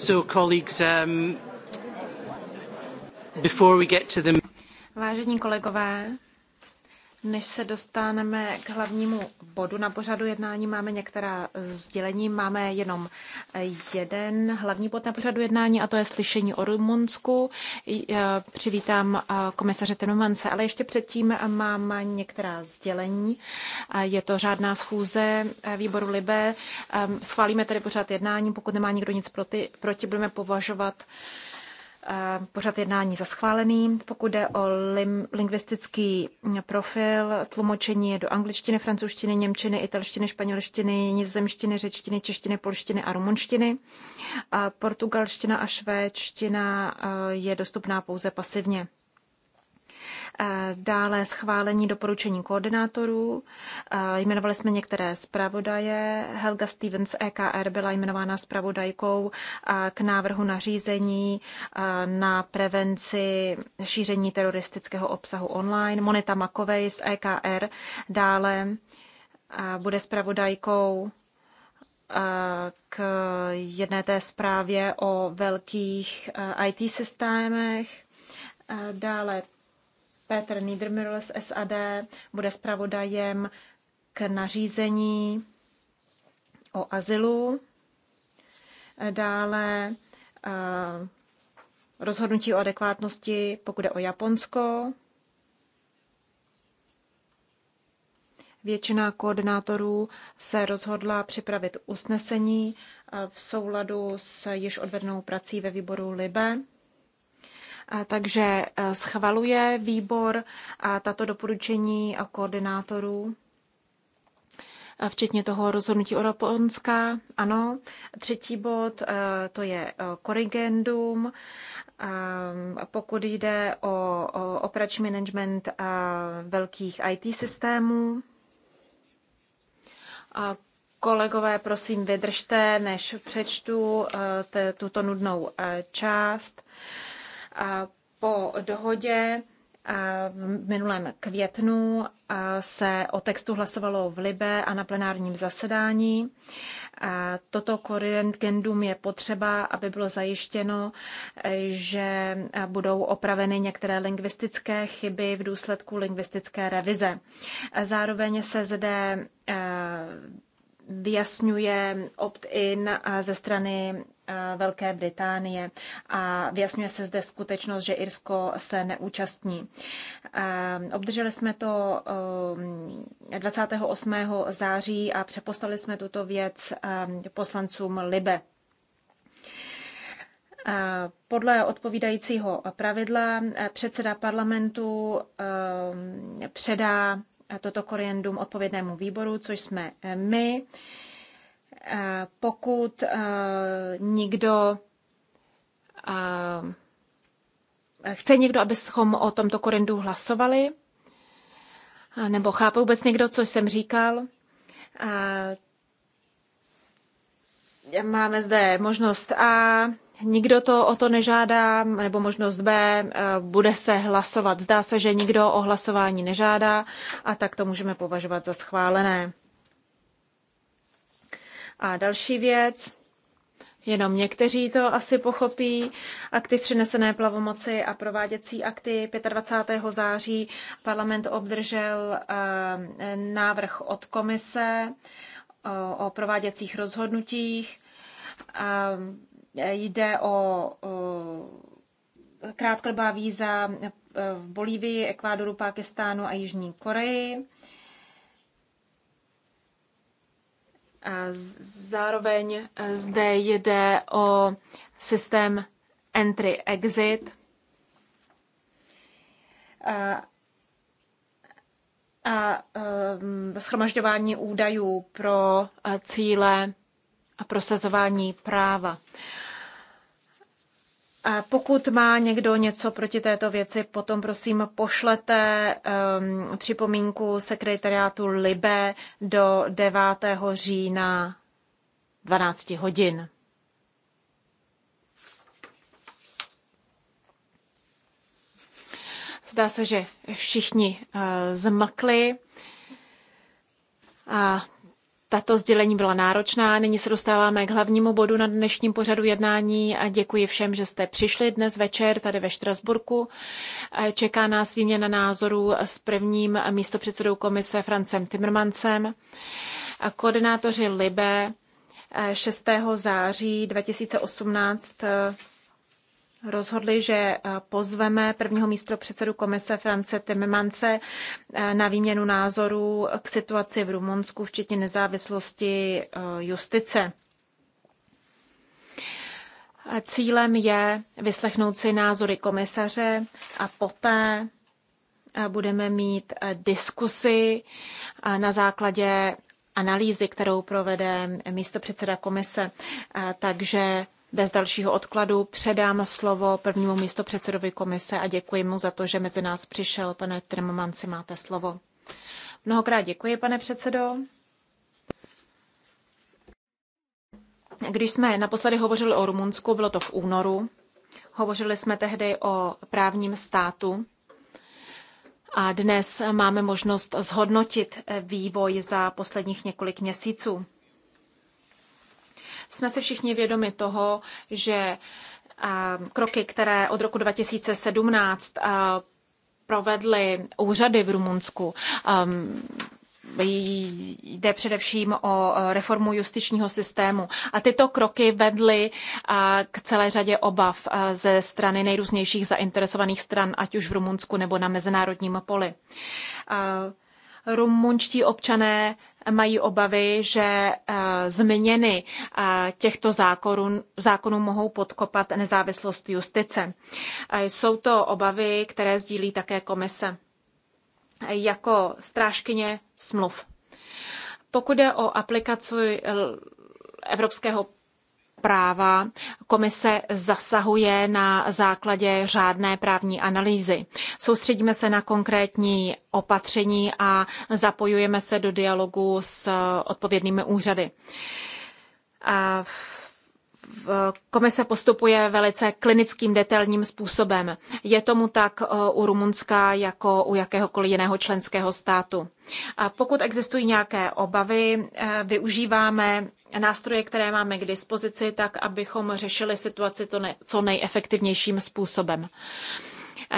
Um, Vážení kolegové, než se dostaneme k hlavnímu bodu na pořadu jednání máme některá sdělení. Máme jenom jeden hlavní bod na pořadu jednání a to je slyšení o Rumunsku. E, přivítám e, komisaře Tenomance, ale ještě předtím mám některá sdělení. E, je to řádná schůze výboru Libe. Schválíme tedy pořád jednání. Pokud nemá nikdo nic proti, proti budeme považovat Eh, pořad jednání za schválený. Pokud jde o lim, lingvistický profil, tlumočení je do angličtiny, francouzštiny, němčiny, italštiny, španělštiny, nizozemštiny, řečtiny, češtiny, polštiny a rumunštiny. Eh, portugalština a švédština eh, je dostupná pouze pasivně. Eh, dále schválení doporučení koordinátorů. Eh, jmenovali jsme některé zpravodaje. Helga Stevens EKR byla jmenována zpravodajkou eh, k návrhu na řízení na prevenci šíření teroristického obsahu online. Moneta Makovej z EKR dále bude zpravodajkou k jedné té zprávě o velkých IT systémech. Dále Petr Niedermüller z SAD bude zpravodajem k nařízení o azylu. Dále eh, rozhodnutí o adekvátnosti, pokud je o Japonsko. Většina koordinátorů se rozhodla připravit usnesení eh, v souladu s již odvednou prací ve výboru LIBE. Takže eh, schvaluje výbor a tato doporučení a koordinátorů, eh, včetně toho rozhodnutí o Ano, třetí bod, eh, to je korrigendum. Ehm, pokud jde o operační management velkých IT systémů, a kolegové, prosím, vydržte, než přečtu tuto nudnou část. Po dohodě v minulém květnu se o textu hlasovalo v Libe a na plenárním zasedání. Toto korrigendum je potřeba, aby bylo zajištěno, že budou opraveny některé lingvistické chyby v důsledku lingvistické revize. Zároveň se zde vyjasňuje opt-in eh, ze strany eh, Velké Británie a vyjasňuje se zde skutečnost, že Irsko se neúčastní. Eh, obdrželi jsme to 28. září a přeposlali jsme tuto věc poslancům Libe. Podle odpovídajícího pravidla předseda parlamentu předá toto koriendum odpovědnému výboru, což jsme eh, my. Eh, pokud eh, nikdo chce někdo, abychom o tomto korendu hlasovali, nebo chápe vůbec někdo, co jsem říkal, máme zde možnost A, Nikdo to o to nežádá, nebo možnost B, eh, bude se hlasovat. Zdá se, že nikdo o hlasování nežádá a tak to můžeme považovat za schválené. A další věc, jenom někteří to asi pochopí, akty přinesené plavomoci a prováděcí akty 25. září parlament obdržel eh, návrh od komise eh, o prováděcích rozhodnutích Jde o krátkodobá víza v Bolívii, Ekvádoru, Pákistánu a Jižní Koreji. Zároveň zde jde o systém entry-exit. A, a um, schromažďování údajů pro cíle a prosazování práva. Pokud má někdo něco proti této věci, potom prosím pošlete um, připomínku sekretariátu Libe do 9. října 12 hodin. Zdá se, že všichni uh, zmlkli. A tato sdělení byla náročná, nyní se dostáváme k hlavnímu bodu na dnešním pořadu jednání a děkuji všem, že jste přišli dnes večer tady ve Štrasburku. Čeká nás výměna názorů s prvním místopředsedou komise Francem Timmermansem. Koordinátoři Libe 6. září 2018 rozhodli, že eh, pozveme prvního místo předsedu komise France Timmermanse eh, na výměnu názorů k situaci v Rumunsku, včetně nezávislosti eh, justice. Cílem je vyslechnout si názory komisaře a poté budeme mít diskusy na základě analýzy, kterou provede místo předseda komise. Takže bez dalšího odkladu předám slovo prvnímu místopředsedovi komise a děkuji mu za to, že mezi nás přišel. Pane Trmmanci, máte slovo. Mnohokrát děkuji, pane předsedo. Když jsme naposledy hovořili o Rumunsku, bylo to v únoru. Hovořili jsme tehdy o právním státu. A dnes máme možnost zhodnotit vývoj za posledních několik měsíců. Jsme si všichni vědomi toho, že eh, kroky, které od roku 2017 eh, provedly úřady v Rumunsku, ehm, jde především o eh, reformu justičního systému. A tyto kroky vedly k celé řadě obav ze strany nejrůznějších zainteresovaných stran, ať už v Rumunsku nebo na mezinárodním poli. Rumunští občané mají obavy, že eh, změny eh, těchto zákonů, zákonů mohou podkopat nezávislost justice. Jsou to obavy, které sdílí také komise jako strážkyně smluv. Pokud je o aplikaci eh, evropského práva komise zasahuje na základě řádné právní analýzy. Soustředíme se na konkrétní opatření a zapojujeme se do dialogu s odpovědnými úřady. A komise postupuje velice klinickým detailním způsobem. Je tomu tak e, u Rumunska jako u jakéhokoliv jiného členského státu. A pokud existují nějaké obavy, e, využíváme nástroje, které máme k dispozici, tak abychom řešili situaci to ne, co nejefektivnějším způsobem.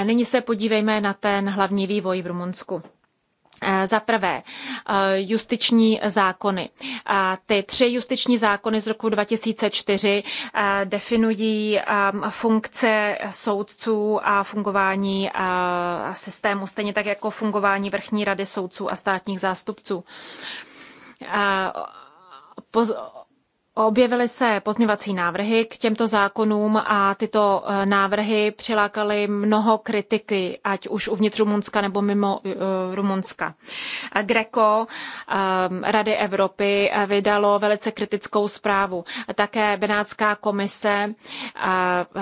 Nyní se podívejme na ten hlavní vývoj v Rumunsku. E, za prvé, e, justiční zákony. Ty tři justiční zákony z roku 2004 e, definují funkce soudců a fungování systému, stejně tak jako fungování Vrchní rady soudců a státních zástupců poz- Objevily se pozměvací návrhy k těmto zákonům a tyto eh, návrhy přilákaly mnoho kritiky, ať už uvnitř Rumunska nebo mimo eh, Rumunska. Greco eh, Rady Evropy vydalo velice kritickou zprávu. Také Benátská komise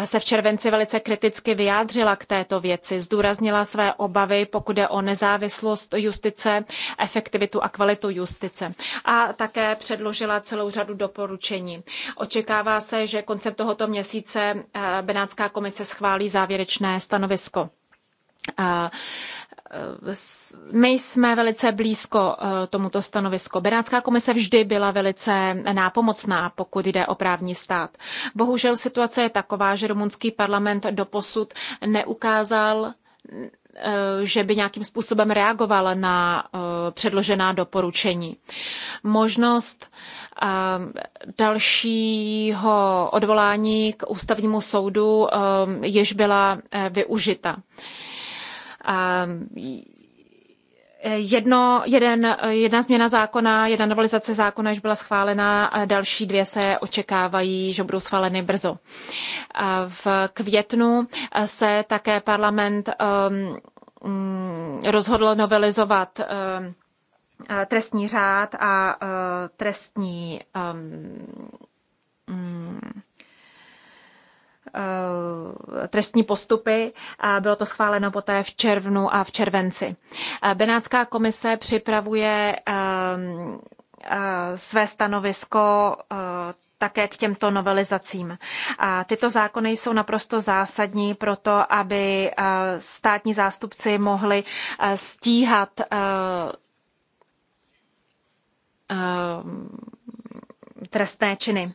se v červenci velice kriticky vyjádřila k této věci, zdůraznila své obavy, pokud je o nezávislost justice, efektivitu a kvalitu justice. A také předložila celou řadu doporučení doporučení. Očekává se, že koncem tohoto měsíce eh, Benátská komise schválí závěrečné stanovisko. Eh, eh, my jsme velice blízko tomuto stanovisku. Benátská komise vždy byla velice nápomocná, pokud jde o právní stát. Bohužel situace je taková, že rumunský parlament doposud neukázal Eh, že by nějakým způsobem reagoval na eh, předložená doporučení. Možnost eh, dalšího odvolání k ústavnímu soudu jež byla využita. Jedno, jeden, jedna změna zákona, jedna novelizace zákona již byla schválena, a další dvě se očekávají, že budou schváleny brzo. V květnu se také parlament um, mm, rozhodl novelizovat um, trestní řád a uh, trestní um, mm, Eh, trestní postupy. Eh, bylo to schváleno poté v červnu a v červenci. Eh, Benátská komise připravuje své stanovisko také k těmto novelizacím. A tyto zákony jsou naprosto zásadní pro to, aby státní zástupci mohli stíhat trestné činy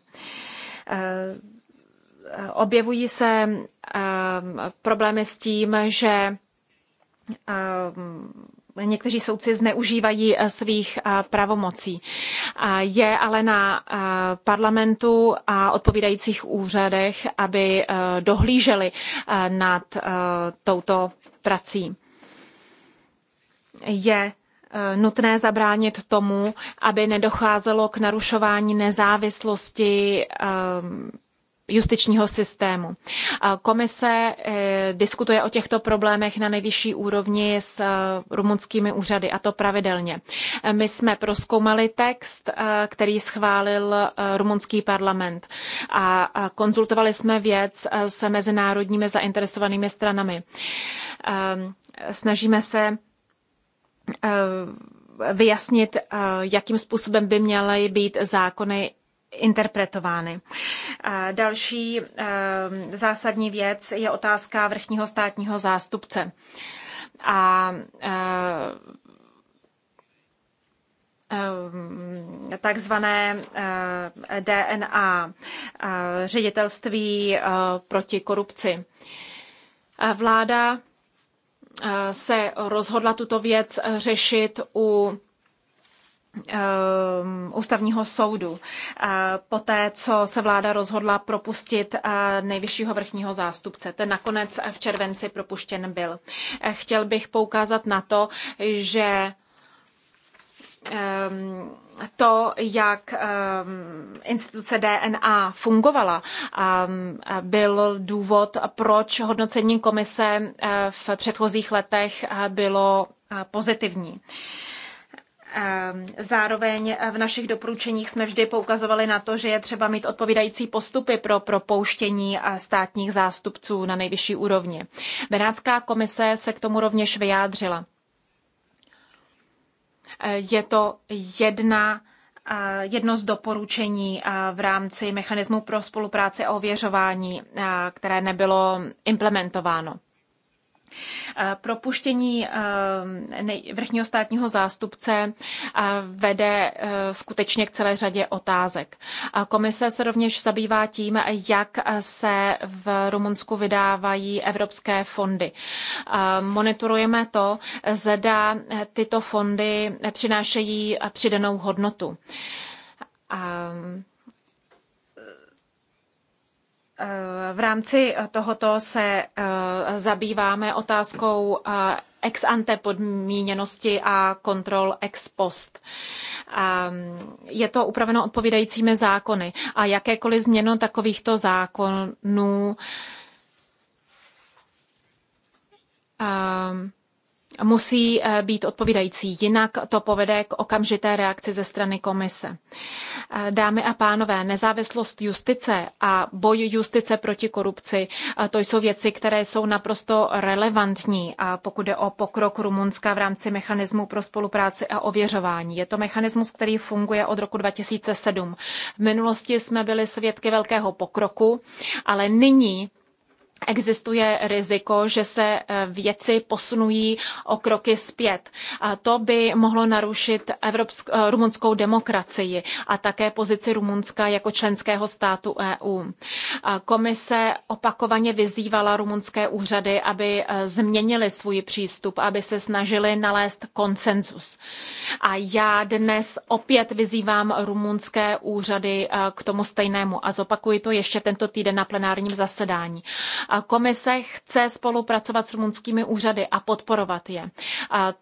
objevují se eh, problémy s tím, že eh, někteří soudci zneužívají eh, svých pravomocí. Je ale na parlamentu a odpovídajících úřadech, aby dohlíželi nad touto prací. Je nutné zabránit tomu, aby nedocházelo k narušování nezávislosti justičního systému. Komise eh, diskutuje o těchto problémech na nejvyšší úrovni s eh, rumunskými úřady a to pravidelně. Eh, my jsme proskoumali text, který schválil rumunský parlament a konzultovali jsme věc se mezinárodními zainteresovanými stranami. Snažíme se vyjasnit, jakým způsobem by měly být zákony interpretovány. Další ehm, zásadní věc je otázka vrchního státního zástupce. A ehm, ehm, takzvané DNA, ředitelství proti korupci. Vláda se rozhodla tuto věc řešit u Ehm, ústavního soudu. Poté, co se vláda rozhodla propustit nejvyššího vrchního zástupce, ten nakonec v červenci propuštěn byl. Chtěl bych poukázat na to, že ehm, to, jak ehm, instituce DNA fungovala, byl důvod, proč hodnocení komise eh, v předchozích letech eh, bylo eh, pozitivní. Ehm, zároveň v našich doporučeních jsme vždy poukazovali na to, že je třeba mít odpovídající postupy pro propouštění eh, státních zástupců na nejvyšší úrovni. Benátská komise se k tomu rovněž vyjádřila. Eh, je to jedna eh, jedno z doporučení v rámci mechanismu pro spolupráci a ověřování, které nebylo implementováno. Eh, propuštění eh, vrchního státního zástupce eh, vede skutečně k celé řadě otázek. Komise se rovněž zabývá tím, jak se v Rumunsku vydávají evropské fondy. Monitorujeme to, zda tyto fondy přinášejí přidanou hodnotu. Eh, v rámci eh, tohoto se eh, zabýváme otázkou ex ante podmíněnosti a kontrol ex post. Ehm, je to upraveno odpovídajícími zákony a jakékoliv změno takovýchto zákonů ehm, musí eh, být odpovídající, jinak to povede k okamžité reakci ze strany komise. Eh, dámy a pánové, nezávislost justice a boj justice proti korupci, eh, to jsou věci, které jsou naprosto relevantní, a pokud jde o pokrok Rumunska v rámci mechanismu pro spolupráci a ověřování. Je to mechanismus, který funguje od roku 2007. V minulosti jsme byli svědky velkého pokroku, ale nyní existuje riziko, že se eh, věci posunují o kroky zpět. A to by mohlo narušit evropsk- eh, rumunskou demokracii a také pozici Rumunska jako členského státu EU. A komise opakovaně vyzývala rumunské úřady, aby eh, změnili svůj přístup, aby se snažili nalézt konsenzus. A já dnes opět vyzývám rumunské úřady k tomu stejnému a zopakuji to ještě tento týden na plenárním zasedání. Komise chce spolupracovat s rumunskými úřady a podporovat je. A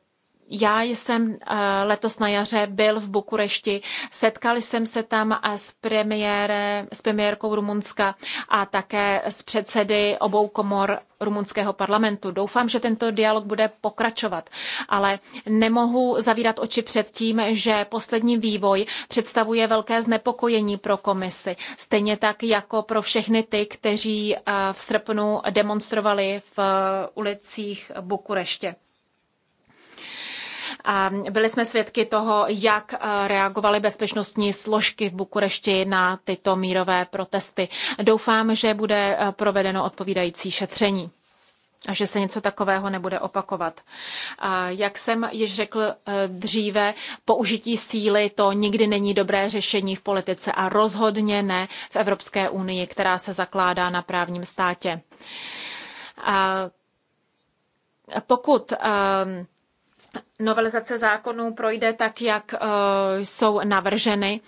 já jsem eh, letos na jaře byl v Bukurešti, setkal jsem se tam s, premiérem, s premiérkou Rumunska a také s předsedy obou komor rumunského parlamentu. Doufám, že tento dialog bude pokračovat, ale nemohu zavírat oči před tím, že poslední vývoj představuje velké znepokojení pro komisi, stejně tak jako pro všechny ty, kteří eh, v srpnu demonstrovali v eh, ulicích Bukureště. A byli jsme svědky toho, jak eh, reagovaly bezpečnostní složky v Bukurešti na tyto mírové protesty. Doufám, že bude eh, provedeno odpovídající šetření a že se něco takového nebude opakovat. A jak jsem již řekl eh, dříve, použití síly to nikdy není dobré řešení v politice a rozhodně ne v Evropské unii, která se zakládá na právním státě. A pokud ehm, novelizace zákonů projde tak, jak eh, jsou navrženy,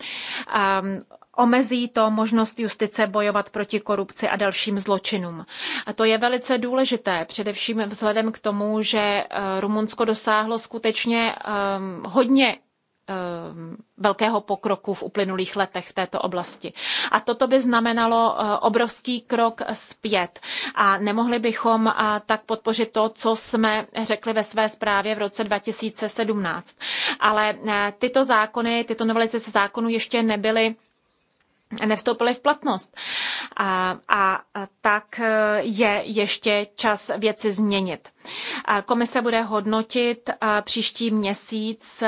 eh, omezí to možnost justice bojovat proti korupci a dalším zločinům. A to je velice důležité, především vzhledem k tomu, že eh, Rumunsko dosáhlo skutečně hodně Eh, velkého pokroku v uplynulých letech v této oblasti. A toto by znamenalo eh, obrovský krok zpět. A nemohli bychom eh, tak podpořit to, co jsme řekli ve své zprávě v roce 2017. Ale tyto zákony, tyto novelizace zákonů ještě nebyly nevstoupily v platnost. A, a, tak je ještě čas věci změnit. A komise bude hodnotit příští měsíc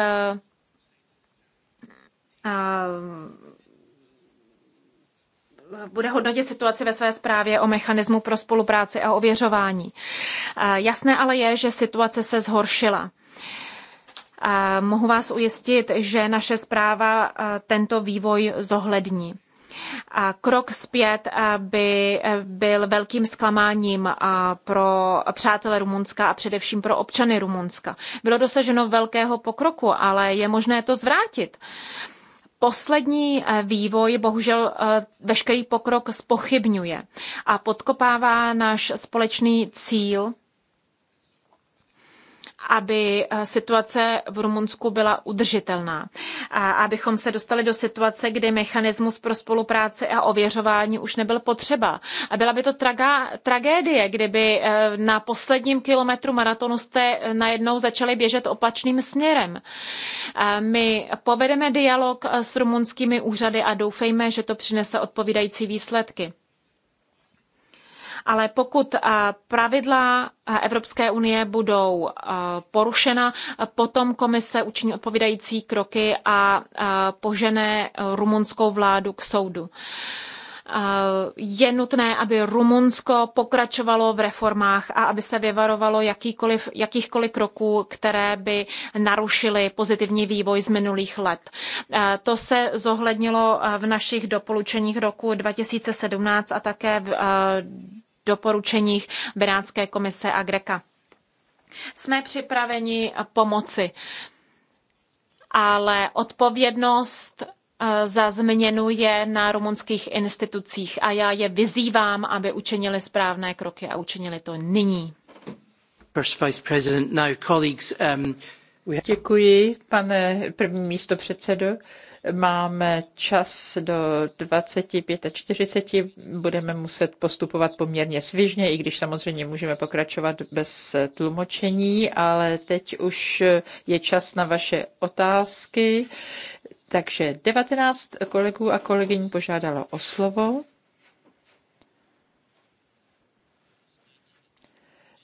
bude hodnotit situaci ve své zprávě o mechanismu pro spolupráci a ověřování. Jasné ale je, že situace se zhoršila. Mohu vás ujistit, že naše zpráva tento vývoj zohlední. Krok zpět by e, byl velkým zklamáním pro přátele Rumunska a především pro občany Rumunska. Bylo dosaženo velkého pokroku, ale je možné to zvrátit poslední eh, vývoj bohužel eh, veškerý pokrok spochybňuje a podkopává náš společný cíl aby eh, situace v Rumunsku byla udržitelná. A abychom se dostali do situace, kdy mechanismus pro spolupráci a ověřování už nebyl potřeba. A byla by to traga, tragédie, kdyby eh, na posledním kilometru maratonu jste eh, najednou začali běžet opačným směrem. A my povedeme dialog s rumunskými úřady a doufejme, že to přinese odpovídající výsledky ale pokud eh, pravidla eh, Evropské unie budou eh, porušena, potom komise učiní odpovídající kroky a požene rumunskou vládu k soudu. Je nutné, aby Rumunsko pokračovalo v reformách a aby se vyvarovalo jakýkoliv, jakýchkoliv kroků, které by narušily pozitivní vývoj z minulých let. To se zohlednilo v našich doporučeních roku 2017 a také v doporučeních Benátské komise a Greka. Jsme připraveni pomoci, ale odpovědnost eh, za změnu je na rumunských institucích a já je vyzývám, aby učinili správné kroky a učinili to nyní. Um, Děkuji, pane první místo předsedo máme čas do 25.40, a budeme muset postupovat poměrně svižně, i když samozřejmě můžeme pokračovat bez tlumočení, ale teď už je čas na vaše otázky. Takže 19 kolegů a kolegyň požádalo o slovo.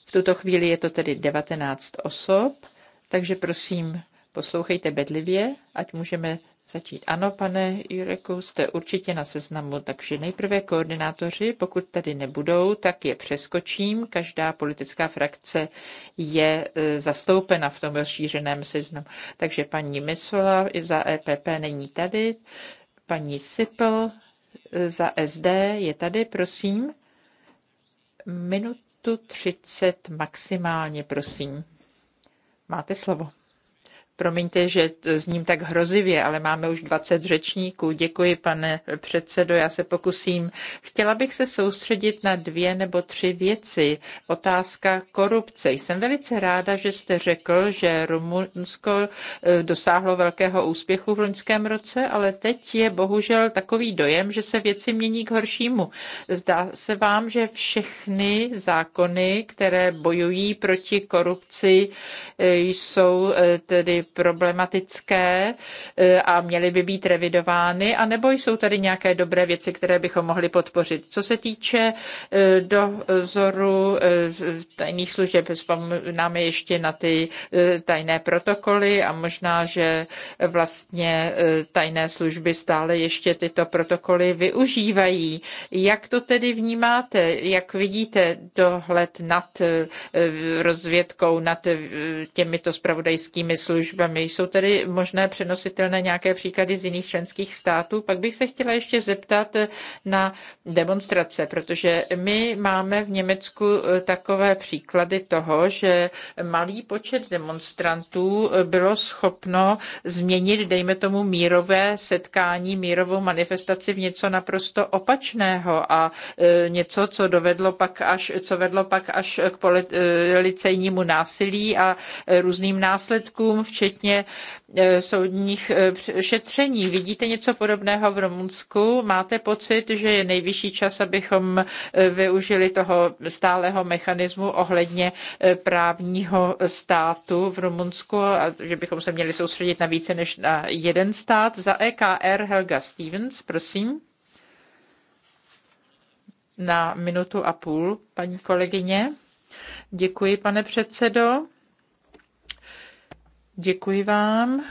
V tuto chvíli je to tedy 19 osob, takže prosím, poslouchejte bedlivě, ať můžeme začít. Ano, pane Jureku, jste určitě na seznamu, takže nejprve koordinátoři, pokud tady nebudou, tak je přeskočím. Každá politická frakce je e, zastoupena v tom rozšířeném seznamu. Takže paní Misola za EPP není tady, paní Sipl e, za SD je tady, prosím. Minutu 30 maximálně, prosím. Máte slovo. Promiňte, že s ním tak hrozivě, ale máme už 20 řečníků. Děkuji, pane předsedo, já se pokusím. Chtěla bych se soustředit na dvě nebo tři věci. Otázka korupce. Jsem velice ráda, že jste řekl, že Rumunsko e, dosáhlo velkého úspěchu v loňském roce, ale teď je bohužel takový dojem, že se věci mění k horšímu. Zdá se vám, že všechny zákony, které bojují proti korupci, e, jsou e, tedy problematické e, a měly by být revidovány, anebo jsou tady nějaké dobré věci, které bychom mohli podpořit. Co se týče e, dozoru e, tajných služeb, vzpomínáme ještě na ty tajné protokoly a možná, že vlastně tajné služby stále ještě tyto protokoly využívají. Jak to tedy vnímáte? Jak vidíte dohled nad rozvědkou, nad těmito spravodajskými službami? službami. Jsou tady možné přenositelné nějaké příklady z jiných členských států? Pak bych se chtěla ještě zeptat na demonstrace, protože my máme v Německu eh, takové příklady toho, že malý počet demonstrantů eh, bylo schopno změnit, dejme tomu, mírové setkání, mírovou manifestaci v něco naprosto opačného a eh, něco, co dovedlo pak až, co vedlo pak až k policejnímu násilí a různým následkům, včetně včetně eh, soudních eh, šetření. Vidíte něco podobného v Rumunsku? Máte pocit, že je nejvyšší čas, abychom eh, využili toho stáleho mechanismu ohledně právního státu v Rumunsku a že bychom se měli soustředit na více než na jeden stát? Za EKR Helga Stevens, prosím. Na minutu a půl, paní kolegyně. Děkuji, pane předsedo. Děkuji vám.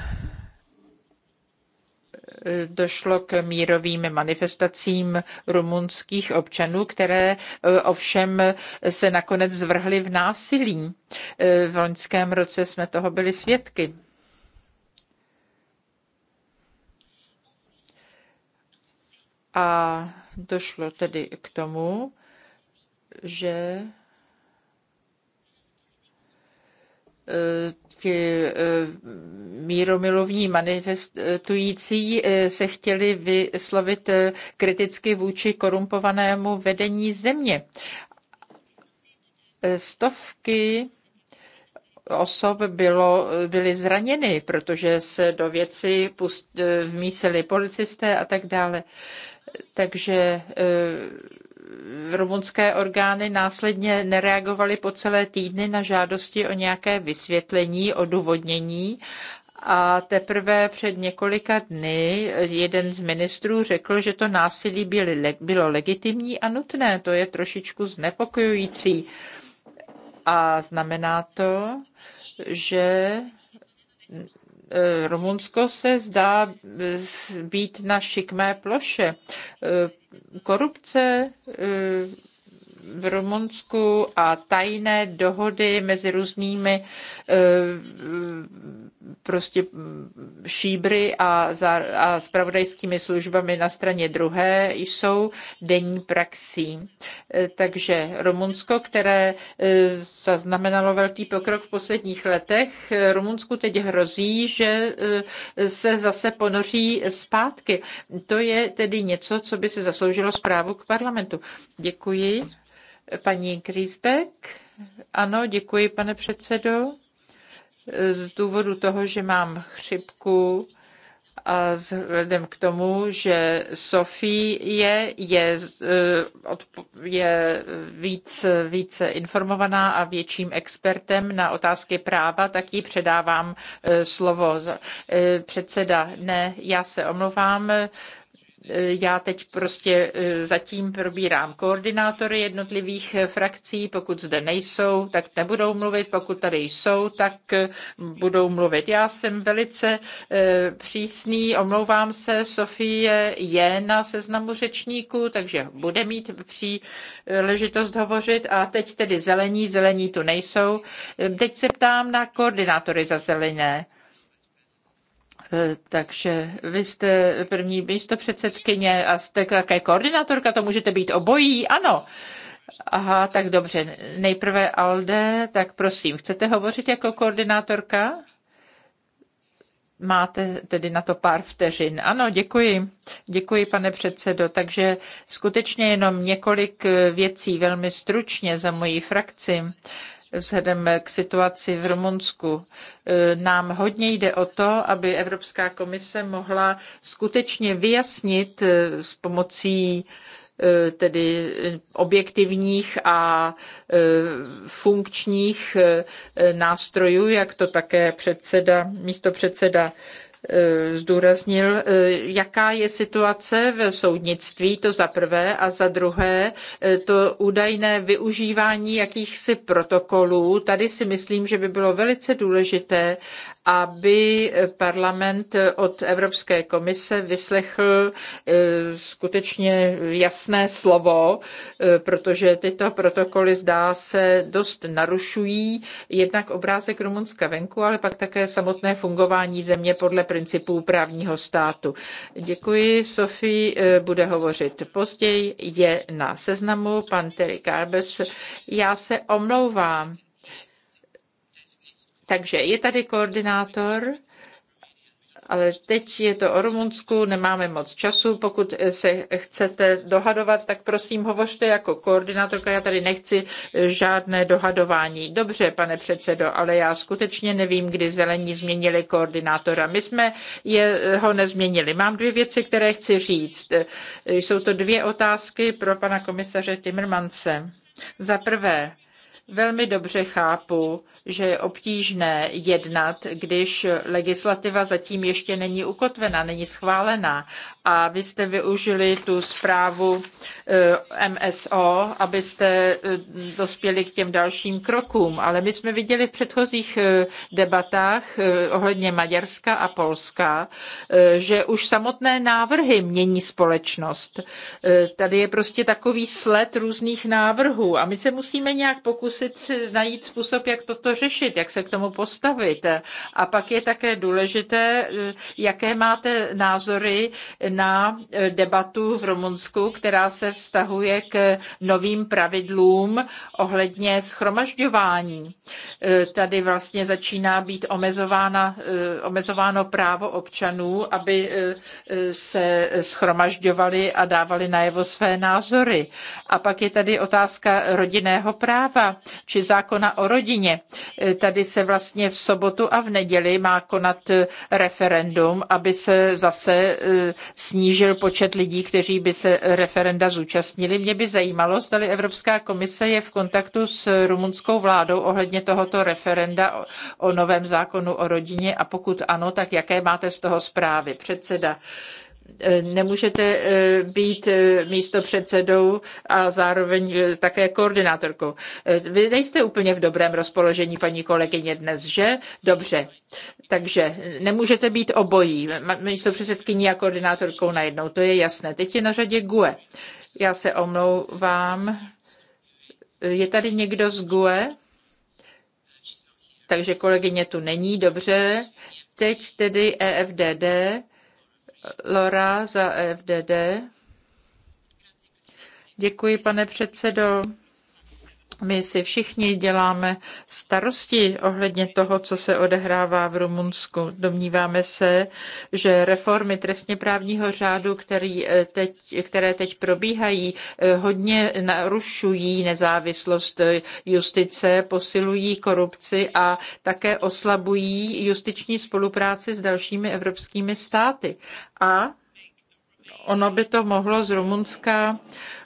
Došlo k mírovým manifestacím rumunských občanů, které e, ovšem se nakonec zvrhly v násilí. E, v loňském roce jsme toho byli svědky. A došlo tedy k tomu, že Eh, eh, míromilovní manifestující eh, se chtěli vyslovit kriticky vůči korumpovanému vedení země. Stovky osob bylo, byly zraněny, protože se do věci pust, vmísili policisté a tak dále. Takže rumunské orgány následně nereagovaly po celé týdny na žádosti o nějaké vysvětlení, odůvodnění a teprve před několika dny jeden z ministrů řekl, že to násilí bylo legitimní a nutné. To je trošičku znepokojující. A znamená to, že e, Rumunsko se zdá e, být na šikmé ploše. E, korupce, v Rumunsku a tajné dohody mezi různými eh, prostě mm, šíbry a, za, a spravodajskými službami na straně druhé jsou denní praxí. Eh, takže Rumunsko, které eh, zaznamenalo velký pokrok v posledních letech, Rumunsku teď hrozí, že se zase ponoří zpátky. To je tedy něco, co by se zasloužilo zprávu k parlamentu. Děkuji. Paní Griesbeck. Ano, děkuji, pane předsedo. Z důvodu toho, že mám chřipku, a vzhledem k tomu, že Sofie je, je, eh, je víc, více informovaná a větším expertem na otázky práva, tak jí předávám eh, slovo. Eh, předseda, ne, já se omlouvám, Eh, já teď prostě eh, zatím probírám koordinátory jednotlivých eh, frakcí. Pokud zde nejsou, tak nebudou mluvit. Pokud tady jsou, tak budou mluvit. Já jsem velice přísný, omlouvám se, Sofie je na seznamu řečníků, takže bude mít příležitost hovořit. A teď tedy zelení, zelení tu nejsou. Teď se ptám na koordinátory za zelené. Eh, takže vy jste první místo předsedkyně a jste také koordinátorka, to můžete být obojí, ano. Aha, tak dobře. Nejprve Alde, tak prosím, chcete hovořit jako koordinátorka? Máte tedy na to pár vteřin. Ano, děkuji. Děkuji, pane předsedo. Takže skutečně jenom několik eh, věcí velmi stručně za moji frakci. Eh, vzhledem k situaci v Rumunsku. E, nám hodně jde o to, aby Evropská komise mohla skutečně vyjasnit e, s pomocí e, tedy objektivních a funkčních nástrojů, jak to také předseda, místo předseda zdůraznil, e, jaká je situace v soudnictví, to za prvé, a za druhé e, to údajné využívání jakýchsi protokolů. Tady si myslím, že by bylo velice důležité, aby parlament od Evropské komise vyslechl e, skutečně jasné slovo, protože tyto protokoly zdá se dost narušují jednak obrázek Rumunska venku, ale pak také samotné fungování země podle principů právního státu. Děkuji, Sofie eh, bude hovořit později. Je na seznamu pan Terry Carbes. Já se omlouvám. Takže je tady koordinátor ale teď je to o Rumunsku, nemáme moc času. Pokud se chcete dohadovat, tak prosím hovořte jako koordinátorka. Já tady nechci žádné dohadování. Dobře, pane předsedo, ale já skutečně nevím, kdy zelení změnili koordinátora. My jsme je, ho nezměnili. Mám dvě věci, které chci říct. Jsou to dvě otázky pro pana komisaře Timmermanse. Za prvé, Velmi dobře chápu, že je obtížné jednat, když legislativa zatím ještě není ukotvena, není schválená. A vy jste využili tu zprávu eh, MSO, abyste eh, dospěli k těm dalším krokům. Ale my jsme viděli v předchozích eh, debatách ohledně Maďarska a Polska, že už samotné návrhy mění společnost. Tady je prostě takový sled různých návrhů a my se musíme nějak pokusit zkusit si najít způsob, jak toto řešit, jak se k tomu postavit. A pak je také důležité, eh, jaké máte názory na eh, debatu v Rumunsku, která se vztahuje k novým pravidlům ohledně schromažďování. Eh, tady vlastně začíná být omezována, omezováno právo občanů, aby se schromažďovali a dávali najevo své názory. A pak je tady otázka rodinného práva či zákona o rodině. E, tady se vlastně v sobotu a v neděli má konat e, referendum, aby se zase e, snížil počet lidí, kteří by se referenda zúčastnili. Mě by zajímalo, zda Evropská komise je v kontaktu s rumunskou vládou ohledně tohoto referenda o novém zákonu o rodině a pokud ano, tak jaké máte z toho zprávy? Předseda E, nemůžete e, být e, místo předsedou a zároveň také koordinátorkou. Vy nejste úplně v dobrém rozpoložení, paní kolegyně, dnes, že? Dobře. Takže nemůžete být obojí, místo předsedkyní a koordinátorkou najednou, to je jasné. Teď je na řadě GUE. Já se omlouvám. Je tady někdo z GUE? Takže kolegyně tu není, dobře. Teď tedy EFDD. Lora za e FDD. Děkuji, pane předsedo. My si všichni děláme starosti ohledně toho, co se odehrává v Rumunsku. Domníváme se, že reformy trestně právního řádu, který eh, teď, které teď probíhají, eh, hodně narušují nezávislost eh, justice, posilují korupci a také oslabují justiční spolupráci s dalšími evropskými státy. A ono by to mohlo z Rumunska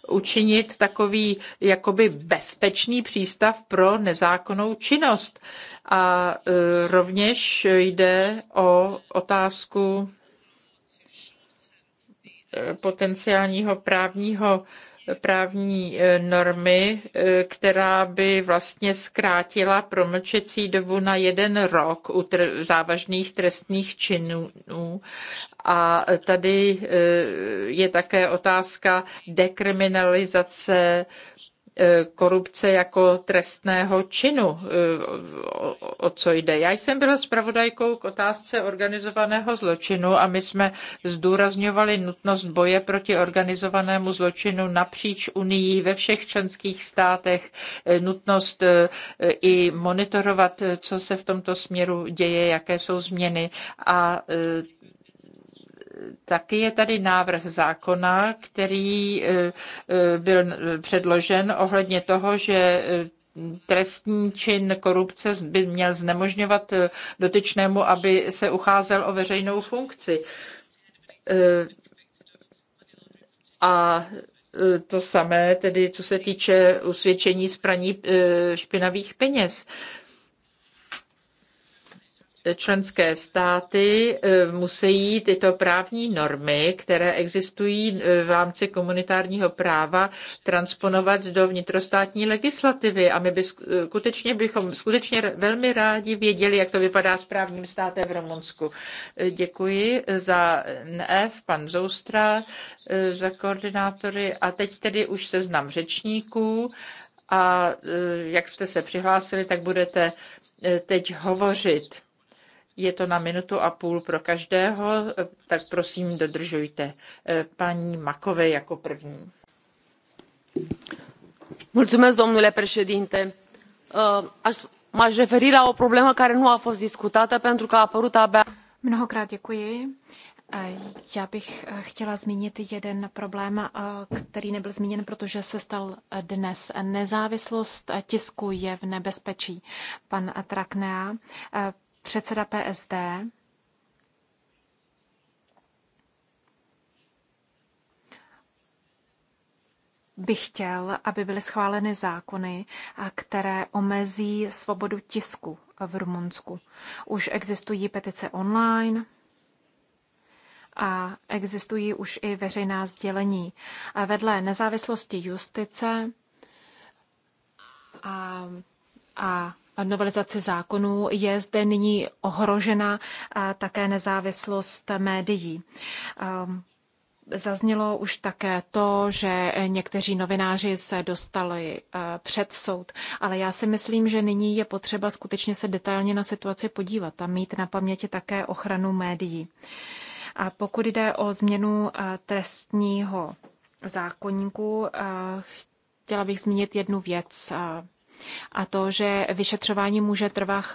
učinit takový jakoby bezpečný přístav pro nezákonnou činnost. A e, rovněž jde o otázku e, potenciálního právního právní e, normy, e, která by vlastně zkrátila promlčecí dobu na jeden rok u tr- závažných trestných činů. A tady e, je také otázka dekriminalizace E, korupce jako trestného činu, e, o co jde. Já jsem byla zpravodajkou k otázce organizovaného zločinu a my jsme zdůrazňovali nutnost boje proti organizovanému zločinu napříč Unii ve všech členských státech, e, nutnost i monitorovat, co se v tomto směru děje, jaké jsou změny a taky je tady návrh zákona, který e, e, byl e, předložen ohledně toho, že trestní čin korupce by měl znemožňovat dotyčnému, aby se ucházel o veřejnou funkci. A to samé, tedy co se týče usvědčení z praní špinavých peněz členské státy eh, musí tyto právní normy, které existují eh, v rámci komunitárního práva, transponovat do vnitrostátní legislativy. A my by eh, skutečně bychom skutečně velmi rádi věděli, jak to vypadá s právním státem v Rumunsku. Děkuji za NF, pan Zoustra, za koordinátory. A teď tedy už seznam řečníků. A jak jste se přihlásili, tak budete teď hovořit. Je to na minutu a půl pro každého, tak prosím dodržujte. Eh, paní Makové jako první. Mulțumesc, domnule președinte. Eh, m-aș referi la o problemă care nu a fost discutată pentru că a apărut abia... Mnohokrát děkuji. Eh, já bych chtěla zmínit jeden problém, který nebyl zmíněn, protože se stal dnes. Nezávislost tisku je v nebezpečí. Pan Traknea Předseda PSD bych chtěl, aby byly schváleny zákony, které omezí svobodu tisku v Rumunsku. Už existují petice online a existují už i veřejná sdělení. A vedle nezávislosti justice a, a novelizaci zákonů je zde nyní ohrožena také nezávislost médií. Ehm, zaznělo už také to, že někteří novináři se dostali e, před soud, ale já si myslím, že nyní je potřeba skutečně se detailně na situaci podívat a mít na paměti také ochranu médií. A pokud jde o změnu e, trestního zákonníku, e, chtěla bych zmínit jednu věc a to, že vyšetřování může trvat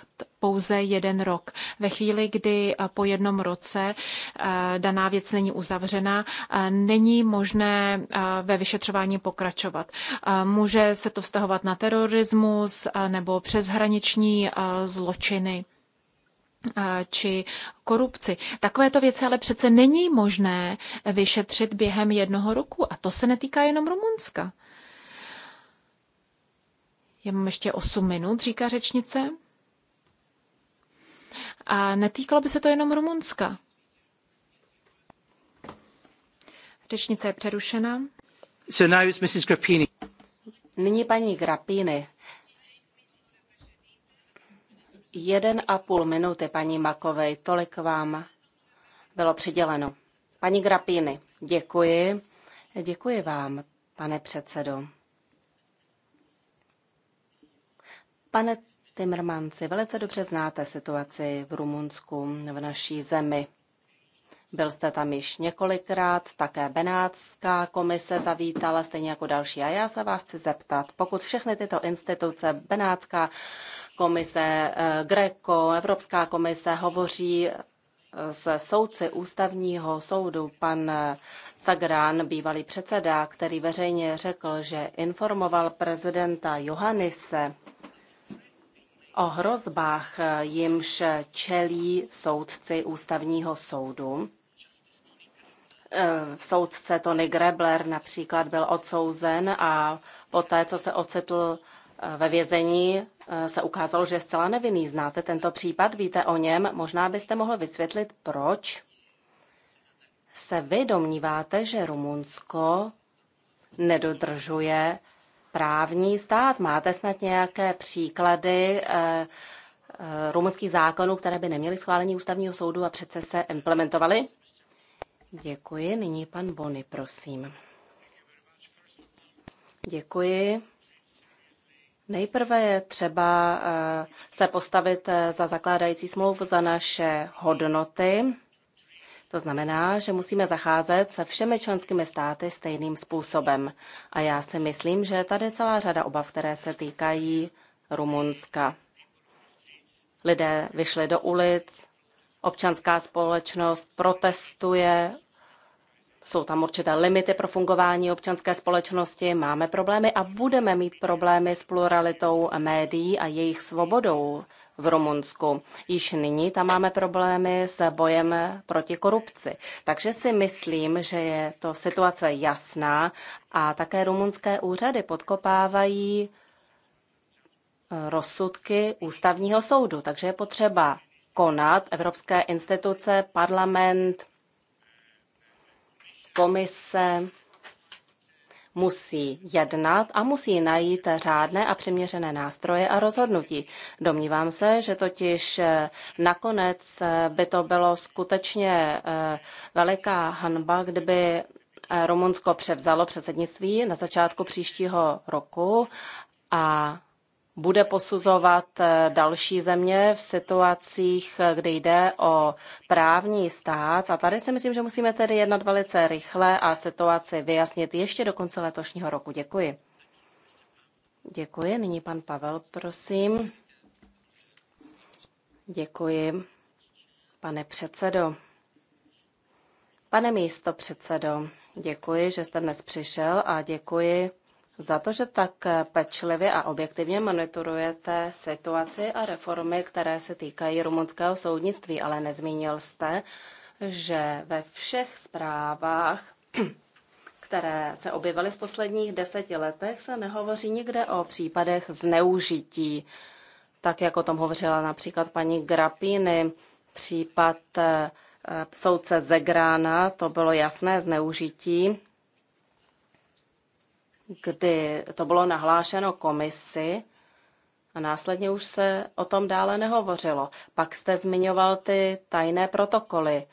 pouze jeden rok. Ve chvíli, kdy eh, po jednom roce eh, daná věc není uzavřena, eh, není možné ve vyšetřování pokračovat. Může se to vztahovat na terorismus nebo přeshraniční zločiny či korupci. Takovéto věci ale přece není možné vyšetřit během jednoho roku a to se netýká jenom Rumunska. Já mám ještě 8 minut, říká řečnice. A netýkalo by se to jenom Rumunska. Řečnice je přerušena. So now it's Mrs. Grappini. Nyní paní Grappini. Jeden a půl minuty, paní Makovej, tolik vám bylo přiděleno. Paní Grappini, děkuji. Děkuji vám, pane předsedo. Pane Timmermansi, velice dobře znáte situaci v Rumunsku, v naší zemi. Byl jste tam již několikrát, také Benátská komise zavítala, stejně jako další. A já se vás chci zeptat, pokud všechny tyto instituce, Benátská komise, eh, Greco, Evropská komise hovoří eh, s soudci ústavního soudu, pan eh, Sagrán, bývalý předseda, který veřejně řekl, že informoval prezidenta Johannise o hrozbách, eh, jimž čelí soudci ústavního soudu. Eh, soudce Tony Grebler například byl odsouzen a poté, co se ocitl eh, ve vězení, se ukázalo, že je zcela nevinný. Znáte tento případ, víte o něm, možná byste mohl vysvětlit, proč se vy domníváte, že Rumunsko nedodržuje právní stát. Máte snad nějaké příklady eh, eh, rumunských zákonů, které by neměly schválení ústavního soudu a přece se implementovaly? Děkuji. Nyní pan Bony, prosím. Děkuji. Nejprve je třeba eh, se postavit za zakládající smlouvu, za naše hodnoty. To znamená, že musíme zacházet se všemi členskými státy stejným způsobem. A já si myslím, že je tady celá řada obav, které se týkají Rumunska. Lidé vyšli do ulic, občanská společnost protestuje, jsou tam určité limity pro fungování občanské společnosti, máme problémy a budeme mít problémy s pluralitou médií a jejich svobodou v Rumunsku. Již nyní tam máme problémy s bojem proti korupci. Takže si myslím, že je to situace jasná a také rumunské úřady podkopávají eh, rozsudky ústavního soudu. Takže je potřeba konat evropské instituce, parlament, komise musí jednat a musí najít řádné a přiměřené nástroje a rozhodnutí. Domnívám se, že totiž eh, nakonec eh, by to bylo skutečně eh, veliká hanba, kdyby Rumunsko převzalo předsednictví na začátku příštího roku a bude posuzovat eh, další země v situacích, eh, kde jde o právní stát. A tady si myslím, že musíme tedy jednat velice rychle a situaci vyjasnit ještě do konce letošního roku. Děkuji. Děkuji. Nyní pan Pavel, prosím. Děkuji, pane předsedo. Pane místo předsedo, děkuji, že jste dnes přišel a děkuji za to, že tak pečlivě a objektivně monitorujete situaci a reformy, které se týkají rumunského soudnictví, ale nezmínil jste, že ve všech zprávách, které se objevily v posledních deseti letech, se nehovoří nikde o případech zneužití, tak jako o tom hovořila například paní Grapíny, případ eh, soudce Zegrána, to bylo jasné zneužití kdy to bylo nahlášeno komisi a následně už se o tom dále nehovořilo. Pak jste zmiňoval ty tajné protokoly.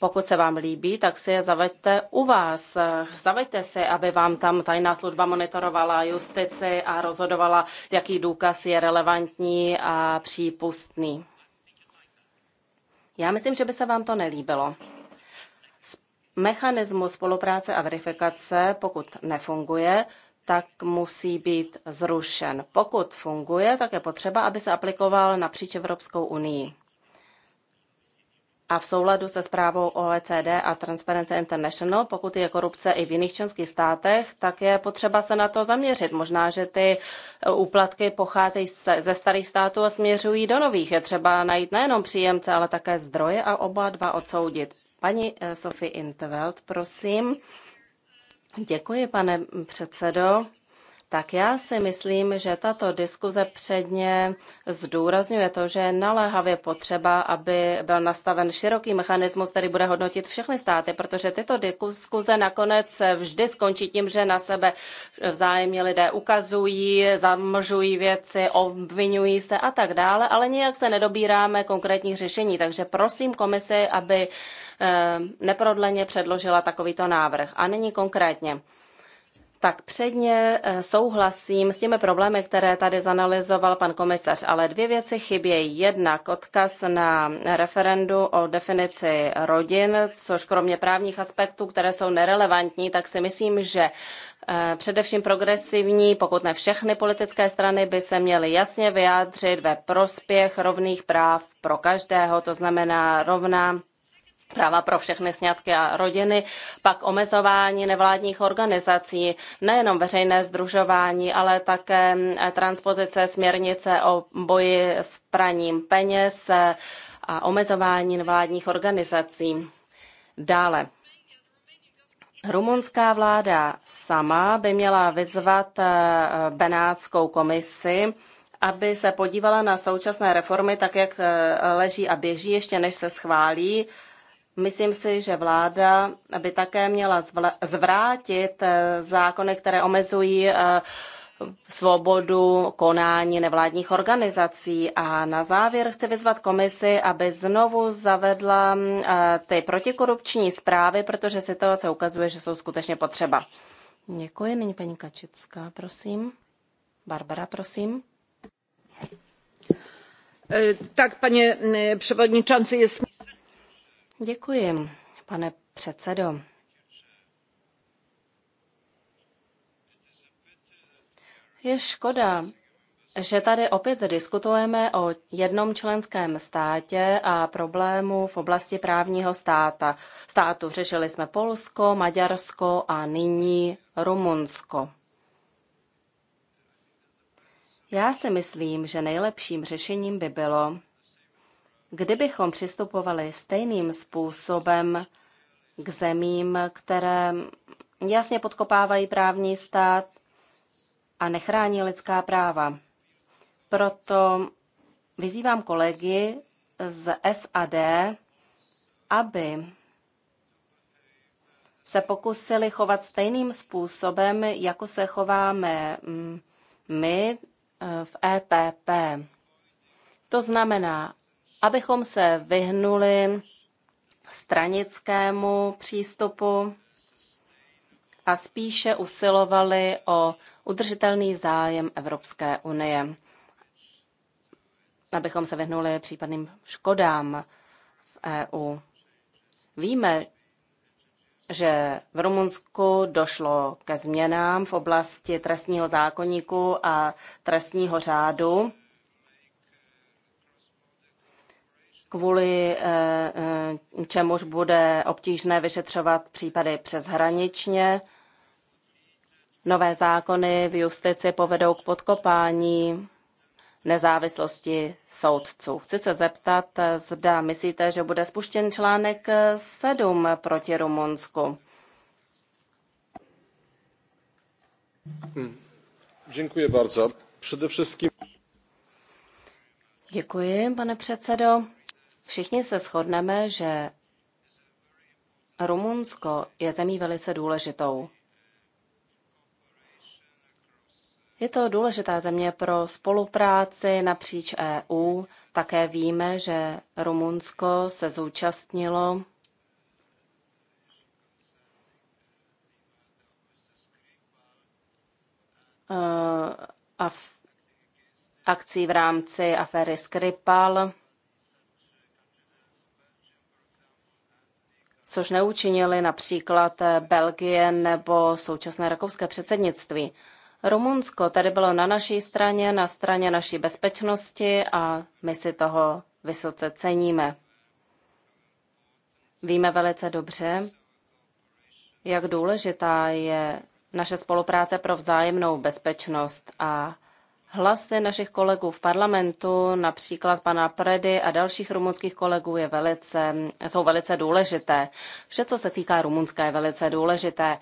Pokud se vám líbí, tak si je zaveďte u vás. Zaveďte si, aby vám tam tajná služba monitorovala justici a rozhodovala, jaký důkaz je relevantní a přípustný. Já myslím, že by se vám to nelíbilo mechanismus spolupráce a verifikace, pokud nefunguje, tak musí být zrušen. Pokud funguje, tak je potřeba, aby se aplikoval napříč Evropskou unii. A v souladu se zprávou OECD a Transparency International, pokud je korupce i v jiných členských státech, tak je potřeba se na to zaměřit. Možná, že ty úplatky pocházejí ze starých států a směřují do nových. Je třeba najít nejenom příjemce, ale také zdroje a oba dva odsoudit. Paní eh, Sophie Intveld, prosím. Děkuji, pane předsedo tak já si myslím, že tato diskuze předně zdůrazňuje to, že je naléhavě potřeba, aby byl nastaven široký mechanismus, který bude hodnotit všechny státy, protože tyto diskuze nakonec vždy skončí tím, že na sebe vzájemně lidé ukazují, zamlžují věci, obvinují se a tak dále, ale nijak se nedobíráme konkrétních řešení. Takže prosím komisi, aby eh, neprodleně předložila takovýto návrh. A nyní konkrétně tak předně eh, souhlasím s těmi problémy, které tady zanalizoval pan komisař, ale dvě věci chybějí. Jednak odkaz na referendu o definici rodin, což kromě právních aspektů, které jsou nerelevantní, tak si myslím, že eh, Především progresivní, pokud ne všechny politické strany, by se měly jasně vyjádřit ve prospěch rovných práv pro každého, to znamená rovná práva pro všechny sňatky a rodiny, pak omezování nevládních organizací, nejenom veřejné združování, ale také eh, transpozice směrnice o boji s praním peněz eh, a omezování nevládních organizací. Dále. Rumunská vláda sama by měla vyzvat eh, Benátskou komisi, aby se podívala na současné reformy tak, jak leží a běží, ještě než se schválí Myslím si, že vláda by také měla zvrátit eh, zákony, které omezují eh, svobodu konání nevládních organizací. A na závěr chci vyzvat komisi, aby znovu zavedla eh, ty protikorupční zprávy, protože situace ukazuje, že jsou skutečně potřeba. Děkuji. Nyní paní Kačická, prosím. Barbara, prosím. Tak, pane předsedající, jest Děkuji, pane předsedo. Je škoda, že tady opět diskutujeme o jednom členském státě a problému v oblasti právního státa. státu. Řešili jsme Polsko, Maďarsko a nyní Rumunsko. Já si myslím, že nejlepším řešením by bylo, Kdybychom přistupovali stejným způsobem k zemím, které jasně podkopávají právní stát a nechrání lidská práva. Proto vyzývám kolegy z SAD, aby se pokusili chovat stejným způsobem, jako se chováme mm, my e, v EPP. To znamená, abychom se vyhnuli stranickému přístupu a spíše usilovali o udržitelný zájem Evropské unie, abychom se vyhnuli případným škodám v EU. Víme, že v Rumunsku došlo ke změnám v oblasti trestního zákoníku a trestního řádu. kvůli eh, eh, čemuž bude obtížné vyšetřovat případy přeshraničně. Nové zákony v justici povedou k podkopání nezávislosti soudců. Chci se zeptat, zda myslíte, že bude spuštěn článek 7 proti Rumunsku. Hmm. Děkuji bardzo. Především. Děkuji, pane předsedo. Všichni se shodneme, že Rumunsko je zemí velice důležitou. Je to důležitá země pro spolupráci napříč EU. Také víme, že Rumunsko se zúčastnilo eh, akcí v rámci aféry Skripal. což neučinili například eh, Belgie nebo současné rakouské předsednictví. Rumunsko tady bylo na naší straně, na straně naší bezpečnosti a my si toho vysoce ceníme. Víme velice dobře, jak důležitá je naše spolupráce pro vzájemnou bezpečnost a Hlasy našich kolegů v parlamentu, například pana Predy a dalších rumunských kolegů, je velice, jsou velice důležité. Vše, co se týká Rumunska, je velice důležité.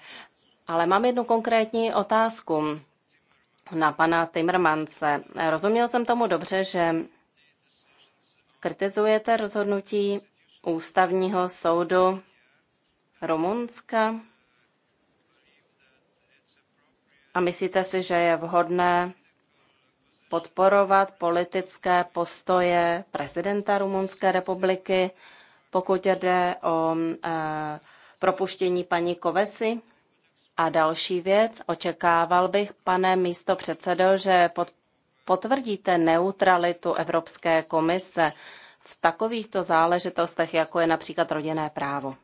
Ale mám jednu konkrétní otázku na pana Timmermance. Rozuměl jsem tomu dobře, že kritizujete rozhodnutí ústavního soudu Rumunska a myslíte si, že je vhodné podporovat politické postoje prezidenta Rumunské republiky, pokud jde o eh, propuštění paní Kovesy. A další věc, očekával bych, pane místo předsedo, že potvrdíte neutralitu Evropské komise v takovýchto záležitostech, jako je například rodinné právo.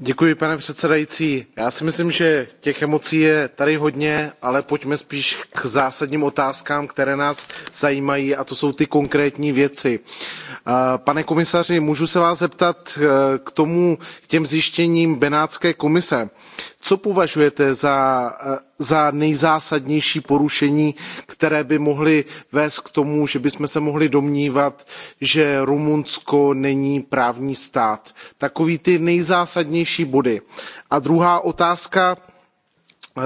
Děkuji, pane předsedající. Já si myslím, že těch emocí je tady hodně, ale pojďme spíš k zásadním otázkám, které nás zajímají, a to jsou ty konkrétní věci. Pane komisaři, můžu se vás zeptat e, k tomu, k těm zjištěním Benátské komise. Co považujete za, e, za nejzásadnější porušení, které by mohly vést k tomu, že bychom se mohli domnívat, že Rumunsko není právní stát? Takový ty nejzásadnější nejdůležitější body? A druhá otázka,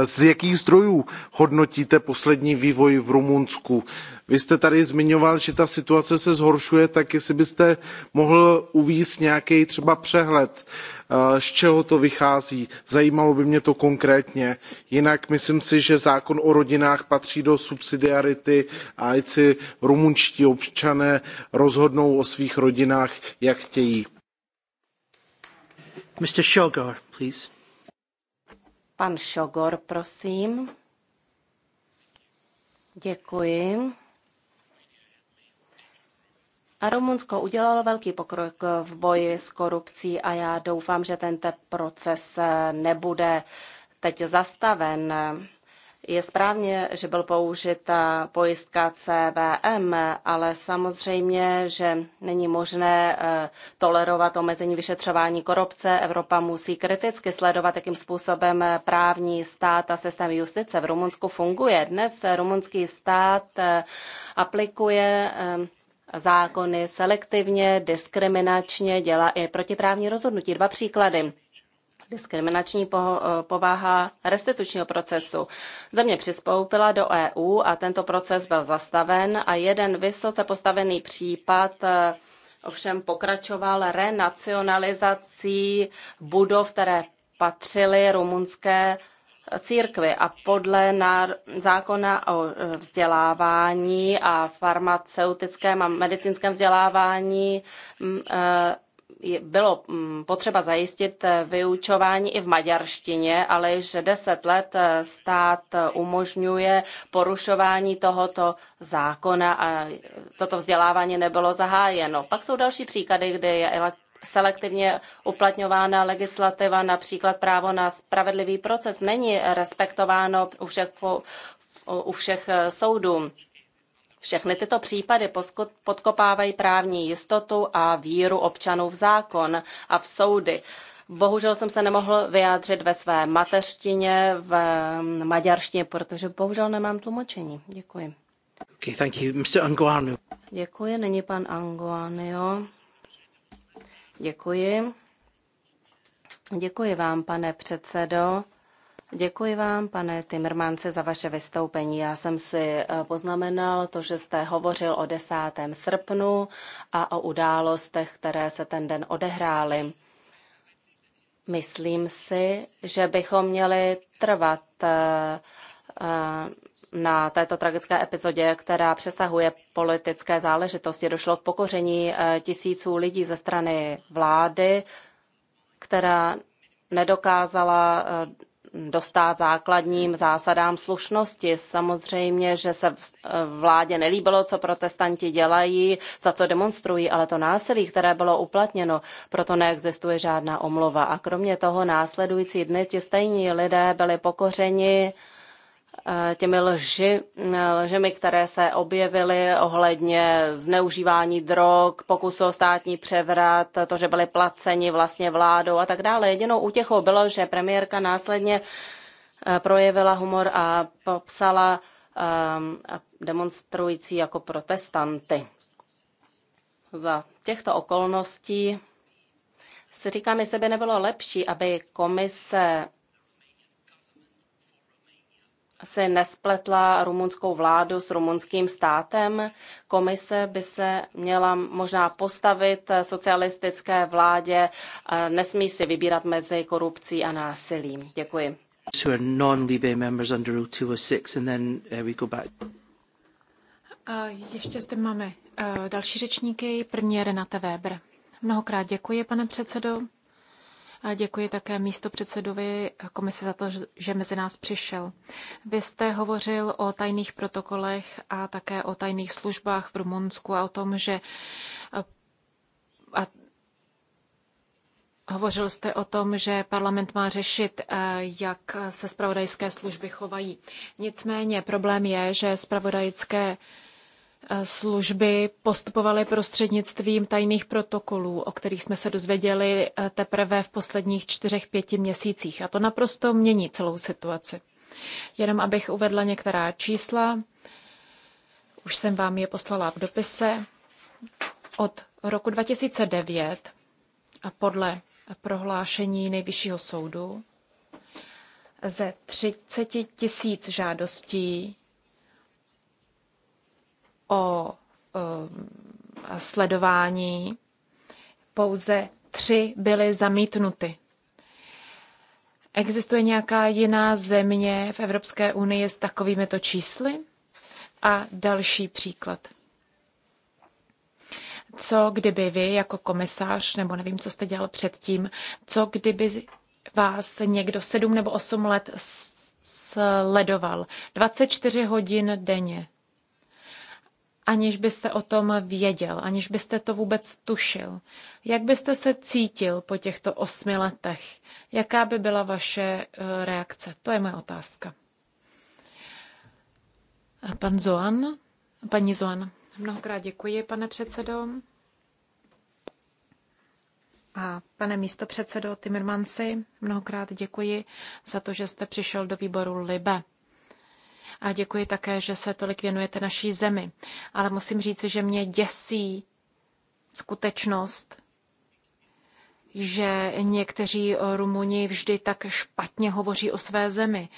z jakých zdrojů hodnotíte poslední vývoj v Rumunsku? Vy jste tady zmiňoval, že ta situace se zhoršuje, tak jestli byste mohl uvíct nějaký třeba přehled, eh, z čeho to vychází. Zajímalo by mě to konkrétně. Jinak myslím si, že zákon o rodinách patří do subsidiarity a ať si rumunští občané rozhodnou o svých rodinách, jak chtějí. Mr. Shogor, please. Pan Šogor, prosím. Děkuji. A Rumunsko udělalo velký pokrok v boji s korupcí a já doufám, že tento proces nebude teď zastaven. Je správně, že byl použita pojistka CVM, ale samozřejmě, že není možné eh, tolerovat omezení vyšetřování korupce. Evropa musí kriticky sledovat, jakým způsobem právní stát a systém justice v Rumunsku funguje. Dnes rumunský stát eh, aplikuje eh, zákony selektivně, diskriminačně, dělá i protiprávní rozhodnutí. Dva příklady diskriminační eh, povaha restitučního procesu. Země přispoupila do EU a tento proces byl zastaven a jeden vysoce postavený případ eh, ovšem pokračoval renacionalizací budov, které patřily rumunské eh, církvi a podle zákona o vzdělávání a farmaceutickém a medicínském vzdělávání mm, bylo mm, potřeba zajistit eh, vyučování i v maďarštině, ale již deset let eh, stát eh, umožňuje porušování tohoto zákona a toto vzdělávání nebylo zahájeno. Pak jsou další příklady, kdy je selektivně uplatňována legislativa, například právo na spravedlivý proces není respektováno u všech, u všech soudů. Všechny tyto případy podkopávají právní jistotu a víru občanů v zákon a v soudy. Bohužel jsem se nemohl vyjádřit ve své mateřštině, v mm, maďarštině, protože bohužel nemám tlumočení. Děkuji. Okay, thank you. Mr. Anguano. Děkuji, není pan Anguano. Děkuji. Děkuji vám, pane předsedo. Děkuji vám, pane Timrmance, za vaše vystoupení. Já jsem si eh, poznamenal to, že jste hovořil o 10. srpnu a o událostech, které se ten den odehrály. Myslím si, že bychom měli trvat eh, eh, na této tragické epizodě, která přesahuje politické záležitosti. Došlo k pokoření tisíců lidí ze strany vlády, která nedokázala dostat základním zásadám slušnosti. Samozřejmě, že se eh, vládě nelíbilo, co protestanti dělají, za co demonstrují, ale to násilí, které bylo uplatněno, proto neexistuje žádná omluva. A kromě toho následující dny ti stejní lidé byli pokořeni Eh, těmi lži, eh, lžemi, které se objevily ohledně zneužívání drog, pokusu o státní převrat, to, že byli placeni vlastně vládou a tak dále. Jedinou útěchou bylo, že premiérka následně eh, projevila humor a popsala ehm, demonstrující jako protestanty. Za těchto okolností si říkám, jestli by nebylo lepší, aby komise se nespletla rumunskou vládu s rumunským státem. Komise by se měla možná postavit socialistické vládě. Nesmí si vybírat mezi korupcí a násilím. Děkuji. Ještě zde máme uh, další řečníky. První je Renate Weber. Mnohokrát děkuji, pane předsedo. A děkuji také místo předsedovi komise za to, že mezi nás přišel. Vy jste hovořil o tajných protokolech a také o tajných službách v Rumunsku a o tom, že a Hovořil jste o tom, že parlament má řešit, eh, jak se spravodajské služby chovají. Nicméně problém je, že spravodajské Eh, služby postupovaly prostřednictvím tajných protokolů, o kterých jsme se dozvěděli eh, teprve v posledních čtyřech, pěti měsících. A to naprosto mění celou situaci. Jenom abych uvedla některá čísla, už jsem vám je poslala v dopise. Od roku 2009 a podle prohlášení nejvyššího soudu ze 30 tisíc žádostí o eh, sledování, pouze tři byly zamítnuty. Existuje nějaká jiná země v Evropské unii s takovýmito čísly? A další příklad. Co kdyby vy jako komisář, nebo nevím, co jste dělal předtím, co kdyby vás někdo sedm nebo osm let sledoval 24 hodin denně? aniž byste o tom věděl, aniž byste to vůbec tušil. Jak byste se cítil po těchto osmi letech? Jaká by byla vaše eh, reakce? To je moje otázka. Pan Zoan, paní Zoan, mnohokrát děkuji, pane předsedo. A pane místo předsedo Timmermansi, mnohokrát děkuji za to, že jste přišel do výboru LIBE. A děkuji také, že se tolik věnujete naší zemi. Ale musím říci, že mě děsí skutečnost, že někteří Rumuni vždy tak špatně hovoří o své zemi.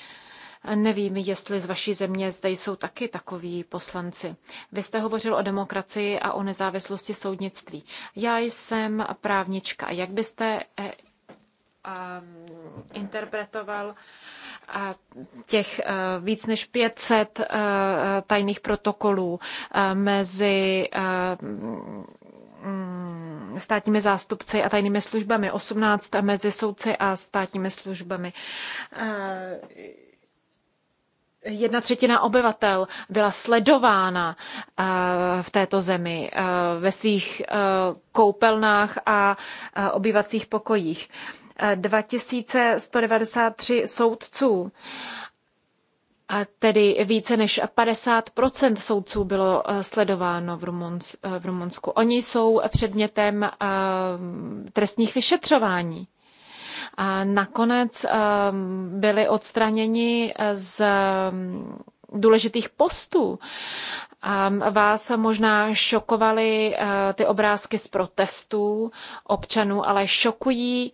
Nevím, jestli z vaší země zde jsou taky takoví poslanci. Vy jste hovořil o demokracii a o nezávislosti soudnictví. Já jsem právnička. Jak byste eh, mm, interpretoval těch eh, víc než 500 eh, tajných protokolů eh, mezi mm, státními zástupci a tajnými službami, 18 mezi soudci a státními službami. Jedna třetina obyvatel byla sledována v této zemi ve svých koupelnách a obývacích pokojích. 2193 soudců. A tedy více než 50 soudců bylo eh, sledováno v, Rumuns, eh, v Rumunsku. Oni jsou předmětem eh, trestních vyšetřování. A nakonec byli odstraněni z mm, důležitých postů. Mm, vás možná šokovaly ty obrázky z protestů občanů, ale šokují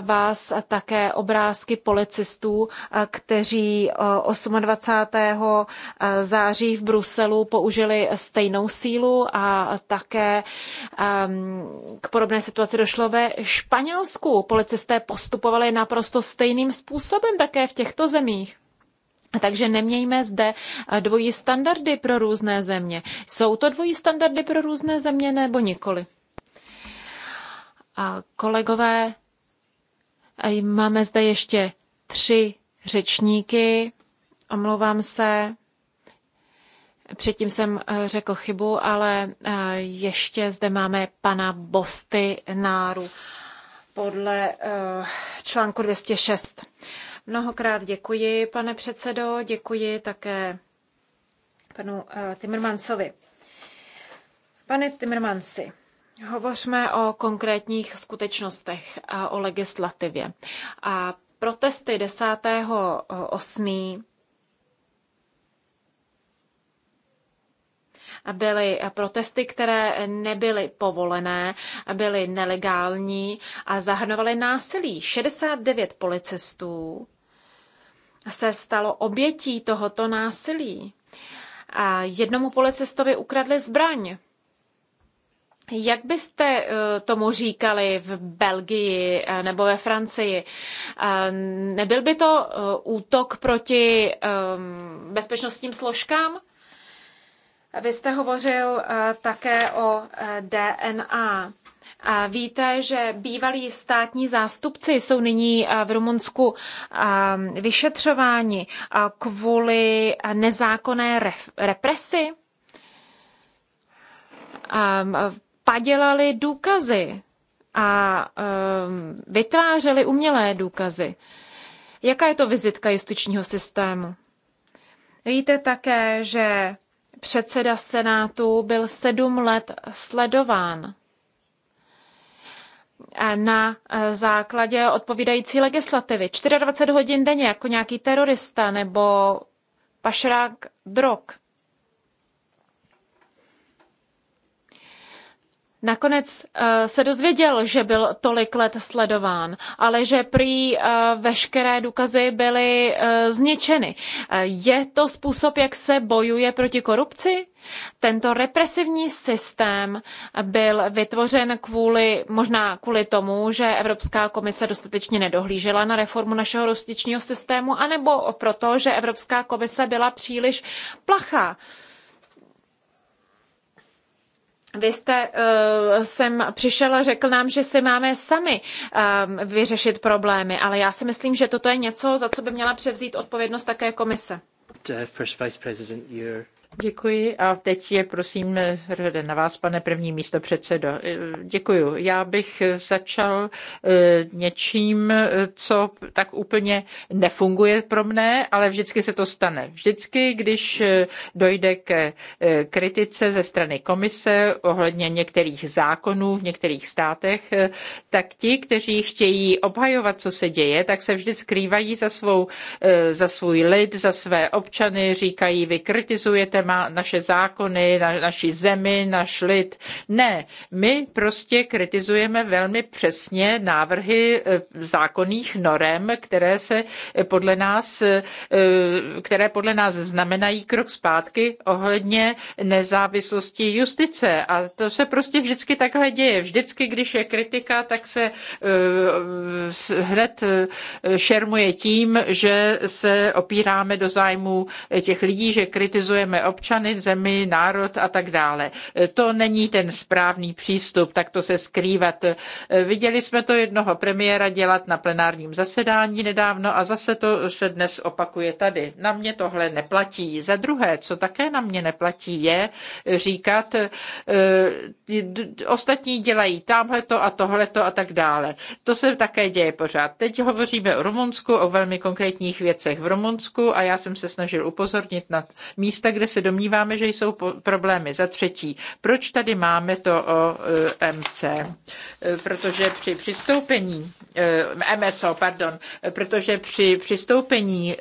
vás také obrázky policistů, kteří 28. září v Bruselu použili stejnou sílu a také k podobné situaci došlo ve Španělsku. Policisté postupovali naprosto stejným způsobem také v těchto zemích. Takže nemějme zde dvojí standardy pro různé země. Jsou to dvojí standardy pro různé země nebo nikoli? A kolegové a máme zde ještě tři řečníky. Omlouvám se. Předtím jsem eh, řekl chybu, ale eh, ještě zde máme pana Bosty Náru podle eh, článku 206. Mnohokrát děkuji, pane předsedo, děkuji také panu Timmermansovi. Pane Timmermansi, Hovořme o konkrétních skutečnostech a o legislativě. A protesty 10.8. byly protesty, které nebyly povolené, byly nelegální a zahrnovaly násilí. 69 policistů se stalo obětí tohoto násilí. A jednomu policistovi ukradli zbraň. Jak byste eh, tomu říkali v Belgii eh, nebo ve Francii? Eh, nebyl by to útok proti ehm, bezpečnostním složkám? Vy jste hovořil také o DNA. A víte, že bývalí státní zástupci jsou nyní v Rumunsku ehm, vyšetřováni kvůli nezákonné represi? Ehm, padělali důkazy a um, vytvářeli umělé důkazy. Jaká je to vizitka justičního systému? Víte také, že předseda Senátu byl sedm let sledován na e, základě odpovídající legislativy. 24 hodin denně jako nějaký terorista nebo pašrák drog. Nakonec eh, se dozvěděl, že byl tolik let sledován, ale že prý eh, veškeré důkazy byly eh, zničeny. Je to způsob, jak se bojuje proti korupci? Tento represivní systém byl vytvořen kvůli, možná kvůli tomu, že Evropská komise dostatečně nedohlížela na reformu našeho rostičního systému, anebo proto, že Evropská komise byla příliš plachá vy jste uh, sem přišel a řekl nám, že si máme sami eh, vyřešit problémy, ale já si myslím, že toto je něco, za co by měla převzít odpovědnost také komise. Uh, first Vice President, Děkuji a teď je prosím na vás, pane první místo předsedo. E, Děkuji. Já bych začal e, něčím, co tak úplně nefunguje pro mne, ale vždycky se to stane. Vždycky, když e, dojde k kritice ze strany komise ohledně některých zákonů v některých státech, tak ti, kteří chtějí obhajovat, co se děje, tak se vždy skrývají za, svou, za svůj lid, za své občany, říkají, vy kritizujete naše, naše zákony, na, naši zemi, náš lid. Ne, my prostě kritizujeme velmi přesně návrhy eh, zákonných norem, které se eh, podle nás, eh, které podle nás znamenají krok zpátky ohledně nezávislosti justice. A to se prostě vždycky takhle děje. Vždycky, když je kritika, tak se hned šermuje tím, že se opíráme do zájmu těch lidí, že kritizujeme občany, zemi, národ a tak dále. E, to není ten správný přístup, tak to se skrývat. E, viděli jsme to jednoho premiéra dělat na plenárním zasedání nedávno a zase to se dnes opakuje tady. Na mě tohle neplatí. Za druhé, co také na mě neplatí, je říkat, e, ostatní dělají to a tohle to a tak dále. To se také děje pořád. Teď hovoříme o Rumunsku, o velmi konkrétních věcech v Rumunsku a já jsem se snažil upozornit na místa, kde se domníváme, že jsou problémy. Za třetí, proč tady máme to o e, MC? E, protože při přistoupení, e, MSO, pardon, protože při přistoupení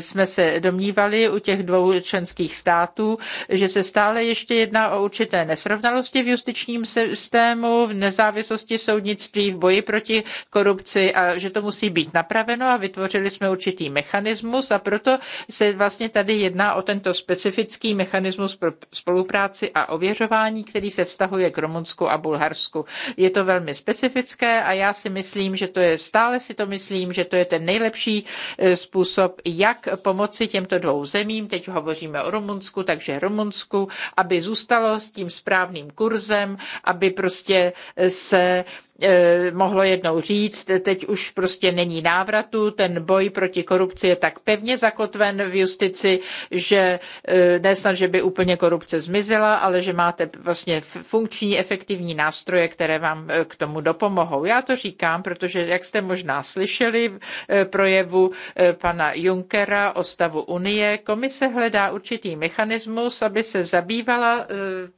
jsme se domnívali u těch dvou členských států, že se stále ještě jedná o určité nesrovnalosti v justičním systému, v nezávislosti soudnictví, v boji proti korupci a že to musí být napraveno a vytvořili jsme určitý mechanismus a proto se vlastně tady jedná o tento specifický specifický mechanismus pro spolupráci a ověřování, který se vztahuje k Rumunsku a Bulharsku. Je to velmi specifické a já si myslím, že to je, stále si to myslím, že to je ten nejlepší e, způsob, jak pomoci těmto dvou zemím, teď hovoříme o Rumunsku, takže Rumunsku, aby zůstalo s tím správným kurzem, aby prostě se e, mohlo jednou říct, teď už prostě není návratu, ten boj proti korupci je tak pevně zakotven v justici, že e, ne snad, že by úplně korupce zmizela, ale že máte vlastně funkční, efektivní nástroje, které vám eh, k tomu dopomohou. Já to říkám, protože, jak jste možná slyšeli eh, projevu eh, pana Junckera o stavu Unie, komise hledá určitý mechanismus, aby se zabývala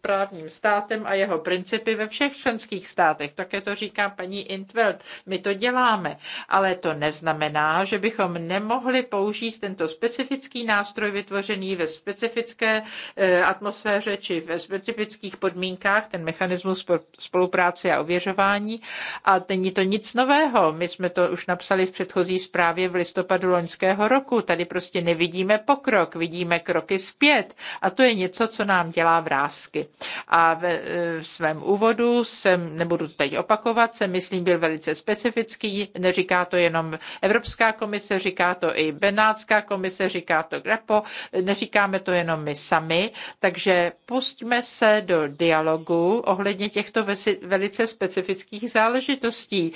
právním státem a jeho principy ve všech členských státech. Také to říká paní Intveld. My to děláme, ale to neznamená, že bychom nemohli použít tento specifický nástroj vytvořený ve specifickém specifické eh, atmosféře či ve specifických podmínkách, ten mechanismus spolupráce a ověřování. A není to nic nového. My jsme to už napsali v předchozí zprávě v listopadu loňského roku. Tady prostě nevidíme pokrok, vidíme kroky zpět. A to je něco, co nám dělá vrázky. A ve eh, svém úvodu jsem, nebudu teď opakovat, jsem, myslím, byl velice specifický. Neříká to jenom Evropská komise, říká to i Benátská komise, říká to GREPO, neříkáme to jenom jenom my sami, takže pustíme se do dialogu ohledně těchto velice specifických záležitostí.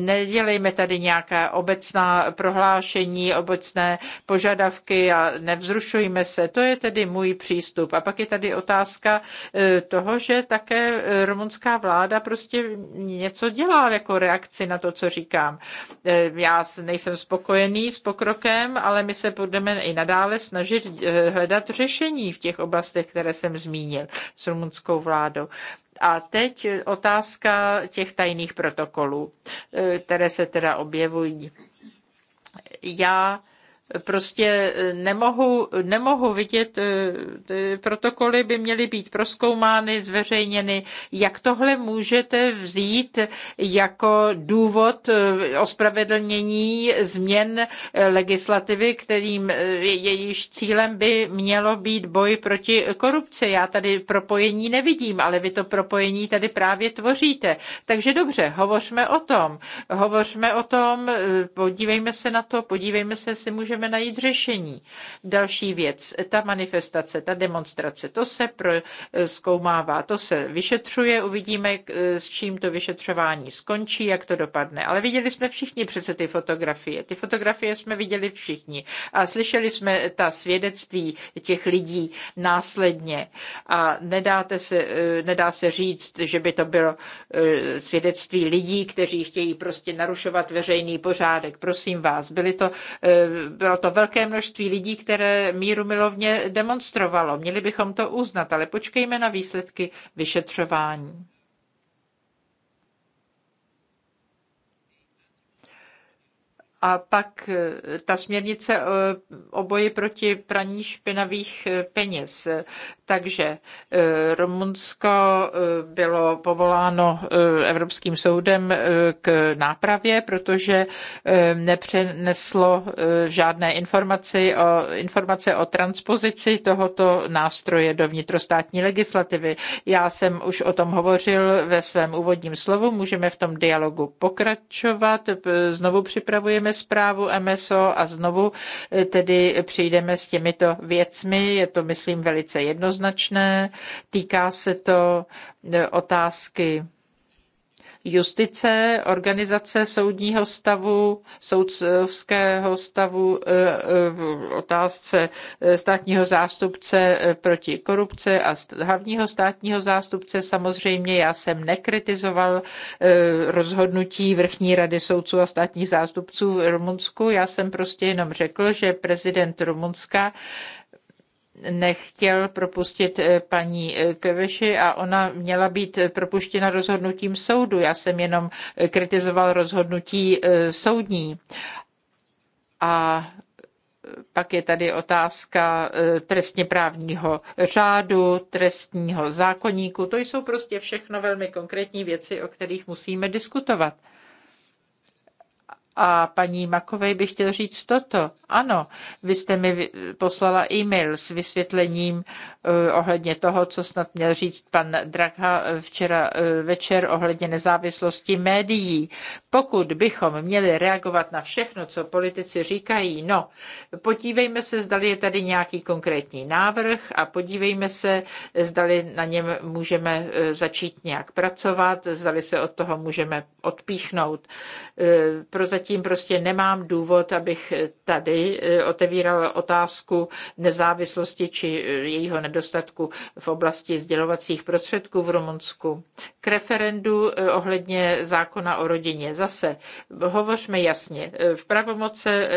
Nedělejme tady nějaká obecná prohlášení, obecné požadavky a nevzrušujme se. To je tedy můj přístup. A pak je tady otázka e, toho, že také e, rumunská vláda prostě něco dělá jako reakci na to, co říkám. E, já nejsem spokojený s pokrokem, ale my se budeme i nadále snažit hledat řešení v těch oblastech, které jsem zmínil s rumunskou vládou. A teď otázka těch tajných protokolů, eh, které se teda objevují. Já Prostě e, nemohu, nemohu vidět, e, ty protokoly by měly být proskoumány, zveřejněny. Jak tohle můžete vzít jako důvod e, ospravedlnění změn legislativy, kterým jejíž cílem by mělo být boj proti korupci? Já tady propojení nevidím, ale vy to propojení tady právě tvoříte. Takže dobře, hovořme o tom. Hovořme o tom, podívejme se na to, podívejme se, jestli můžeme můžeme najít řešení. Další věc, ta manifestace, ta demonstrace, to se zkoumává, to se vyšetřuje, uvidíme, s čím to vyšetřování skončí, jak to dopadne. Ale viděli jsme všichni přece ty fotografie. Ty fotografie jsme viděli všichni a slyšeli jsme ta svědectví těch lidí následně. A nedáte se, eh, nedá se říct, že by to bylo eh, svědectví lidí, kteří chtějí prostě narušovat veřejný pořádek. Prosím vás, byly to, eh, byla bylo to velké množství lidí, které míru milovně demonstrovalo. Měli bychom to uznat, ale počkejme na výsledky vyšetřování. A pak eh, ta směrnice eh, o boji proti praní špinavých eh, peněz. Takže Rumunsko bylo povoláno Evropským soudem k nápravě, protože nepřeneslo žádné informace o, informace o transpozici tohoto nástroje do vnitrostátní legislativy. Já jsem už o tom hovořil ve svém úvodním slovu, můžeme v tom dialogu pokračovat. Znovu připravujeme zprávu MSO a znovu eh, tedy přijdeme s těmito věcmi. Je to, myslím, velice jednoznačné. Týká se to eh, otázky justice, organizace soudního stavu, soudského stavu, eh, eh, otázce eh, státního zástupce proti korupce a hlavního státního zástupce. Samozřejmě já jsem nekritizoval rozhodnutí Vrchní rady soudců a státních zástupců v Rumunsku. Já jsem prostě jenom řekl, že prezident Rumunska nechtěl propustit eh, paní eh, Keveši a ona měla být eh, propuštěna rozhodnutím soudu. Já jsem jenom kritizoval rozhodnutí soudní. A pak je tady otázka trestně právního řádu, trestního zákoníku. To jsou prostě všechno velmi konkrétní věci, o kterých musíme diskutovat. A paní Makovej bych chtěl říct toto. Ano, vy jste mi poslala e-mail s vysvětlením eh, ohledně toho, co snad měl říct pan Dragha eh, včera eh, večer ohledně nezávislosti médií. Pokud bychom měli reagovat na všechno, co politici říkají, no, podívejme se, zdali je tady nějaký konkrétní návrh a podívejme se, zdali na něm můžeme začít nějak pracovat, zdali se od toho můžeme odpíchnout. pro zatím prostě nemám důvod, abych tady eh, otevíral otázku nezávislosti či eh, jejího nedostatku v oblasti sdělovacích prostředků v Rumunsku. K referendu eh, ohledně zákona o rodině. Zase hovořme jasně. V pravomoce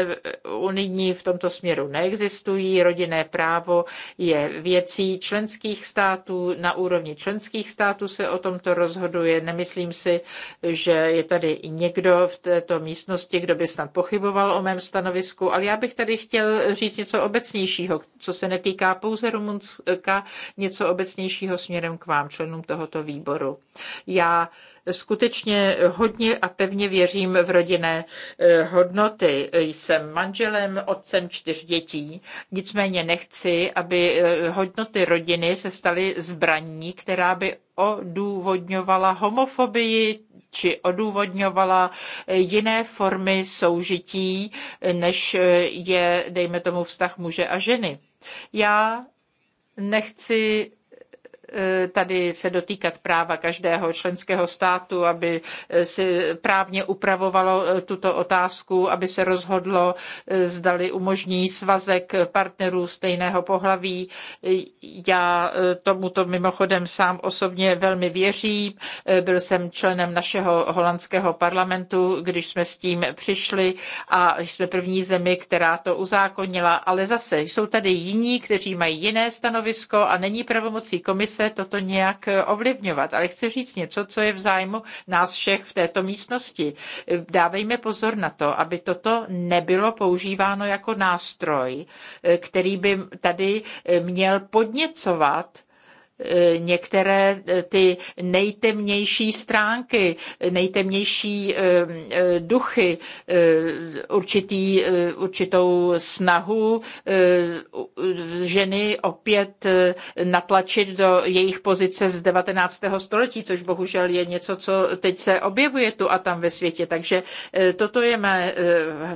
unijní v tomto směru neexistují. Rodinné právo je věcí členských států. Na úrovni členských států se o tomto rozhoduje. Nemyslím si, že je tady někdo v této místnosti, budoucnosti, kdo by snad pochyboval o mém stanovisku, ale já bych tady chtěl říct něco obecnějšího, co se netýká pouze Rumunska, něco obecnějšího směrem k vám, členům tohoto výboru. Já skutečně hodně a pevně věřím v rodinné eh, hodnoty. Jsem manželem, otcem čtyř dětí, nicméně nechci, aby eh, hodnoty rodiny se staly zbraní, která by odůvodňovala homofobii, či odůvodňovala jiné formy soužití, než je, dejme tomu, vztah muže a ženy. Já nechci Eh, tady se dotýkat práva každého členského státu, aby eh, si právně upravovalo eh, tuto otázku, aby se rozhodlo, zdali umožní svazek partnerů stejného pohlaví. Já tomuto mimochodem sám osobně velmi věřím. Byl jsem členem našeho holandského parlamentu, když jsme s tím přišli a jsme první zemi, která to uzákonila. Ale zase jsou tady jiní, kteří mají jiné stanovisko a není pravomocí komise se toto nějak eh, ovlivňovat, ale chci říct něco, co je v zájmu nás všech v této místnosti. Eh, dávejme pozor na to, aby toto nebylo používáno jako nástroj, eh, který by tady měl podněcovat E, některé e, ty nejtemnější stránky, nejtemnější e, duchy, určitý, určitou snahu ženy opět natlačit do jejich pozice z 19. století, což bohužel je něco, co teď se objevuje tu a tam ve světě. Takže toto je mé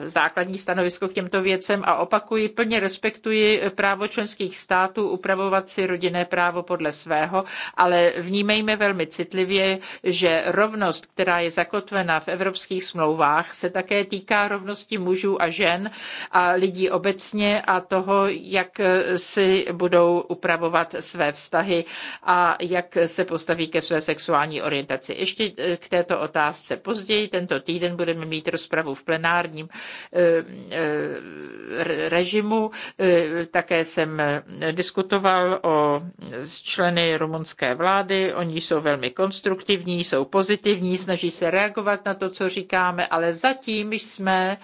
základní stanovisko k těmto věcem a opakuji, plně respektuji právo členských států upravovat si rodinné právo podle podle svého, ale vnímejme velmi citlivě, že rovnost, která je zakotvena v evropských smlouvách, se také týká rovnosti mužů a žen a lidí obecně a toho, jak si budou upravovat své vztahy a jak se postaví ke své sexuální orientaci. Ještě eh, k této otázce později. Tento týden budeme mít rozpravu v plenárním eh, eh, režimu. Také jsem diskutoval o, s členy rumunské vlády. Oni jsou velmi konstruktivní, jsou pozitivní, snaží se reagovat na to, co říkáme, ale zatím jsme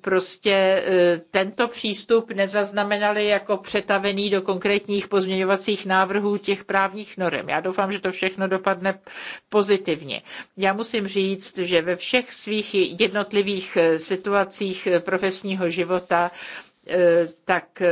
prostě e, tento přístup nezaznamenali jako přetavený do konkrétních pozměňovacích návrhů těch právních norem. Já doufám, že to všechno dopadne pozitivně. Já musím říct, že ve všech svých jednotlivých e, situacích e, profesního života tak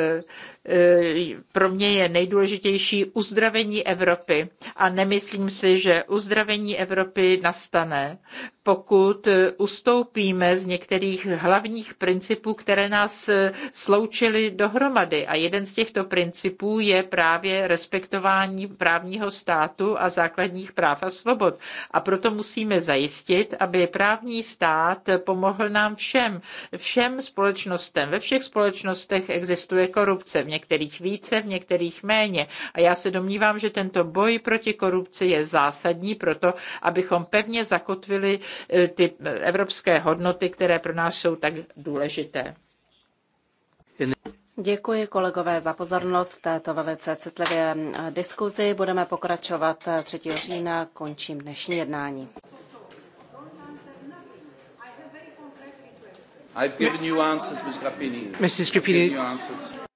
Eh, pro mě je nejdůležitější uzdravení Evropy. A nemyslím si, že uzdravení Evropy nastane, pokud eh, ustoupíme z některých hlavních principů, které nás eh, sloučily dohromady. A jeden z těchto principů je právě respektování právního státu a základních práv a svobod. A proto musíme zajistit, aby právní stát pomohl nám všem, všem společnostem. Ve všech společnostech existuje korupce. V některých více, v některých méně. A já se domnívám, že tento boj proti korupci je zásadní proto, abychom pevně zakotvili eh, ty eh, evropské hodnoty, které pro nás jsou tak důležité. Děkuji kolegové za pozornost této velice citlivé eh, diskuzi. Budeme pokračovat 3. října. Končím dnešní jednání. I've given you answers, Ms. Grappini. Mrs. Grappini.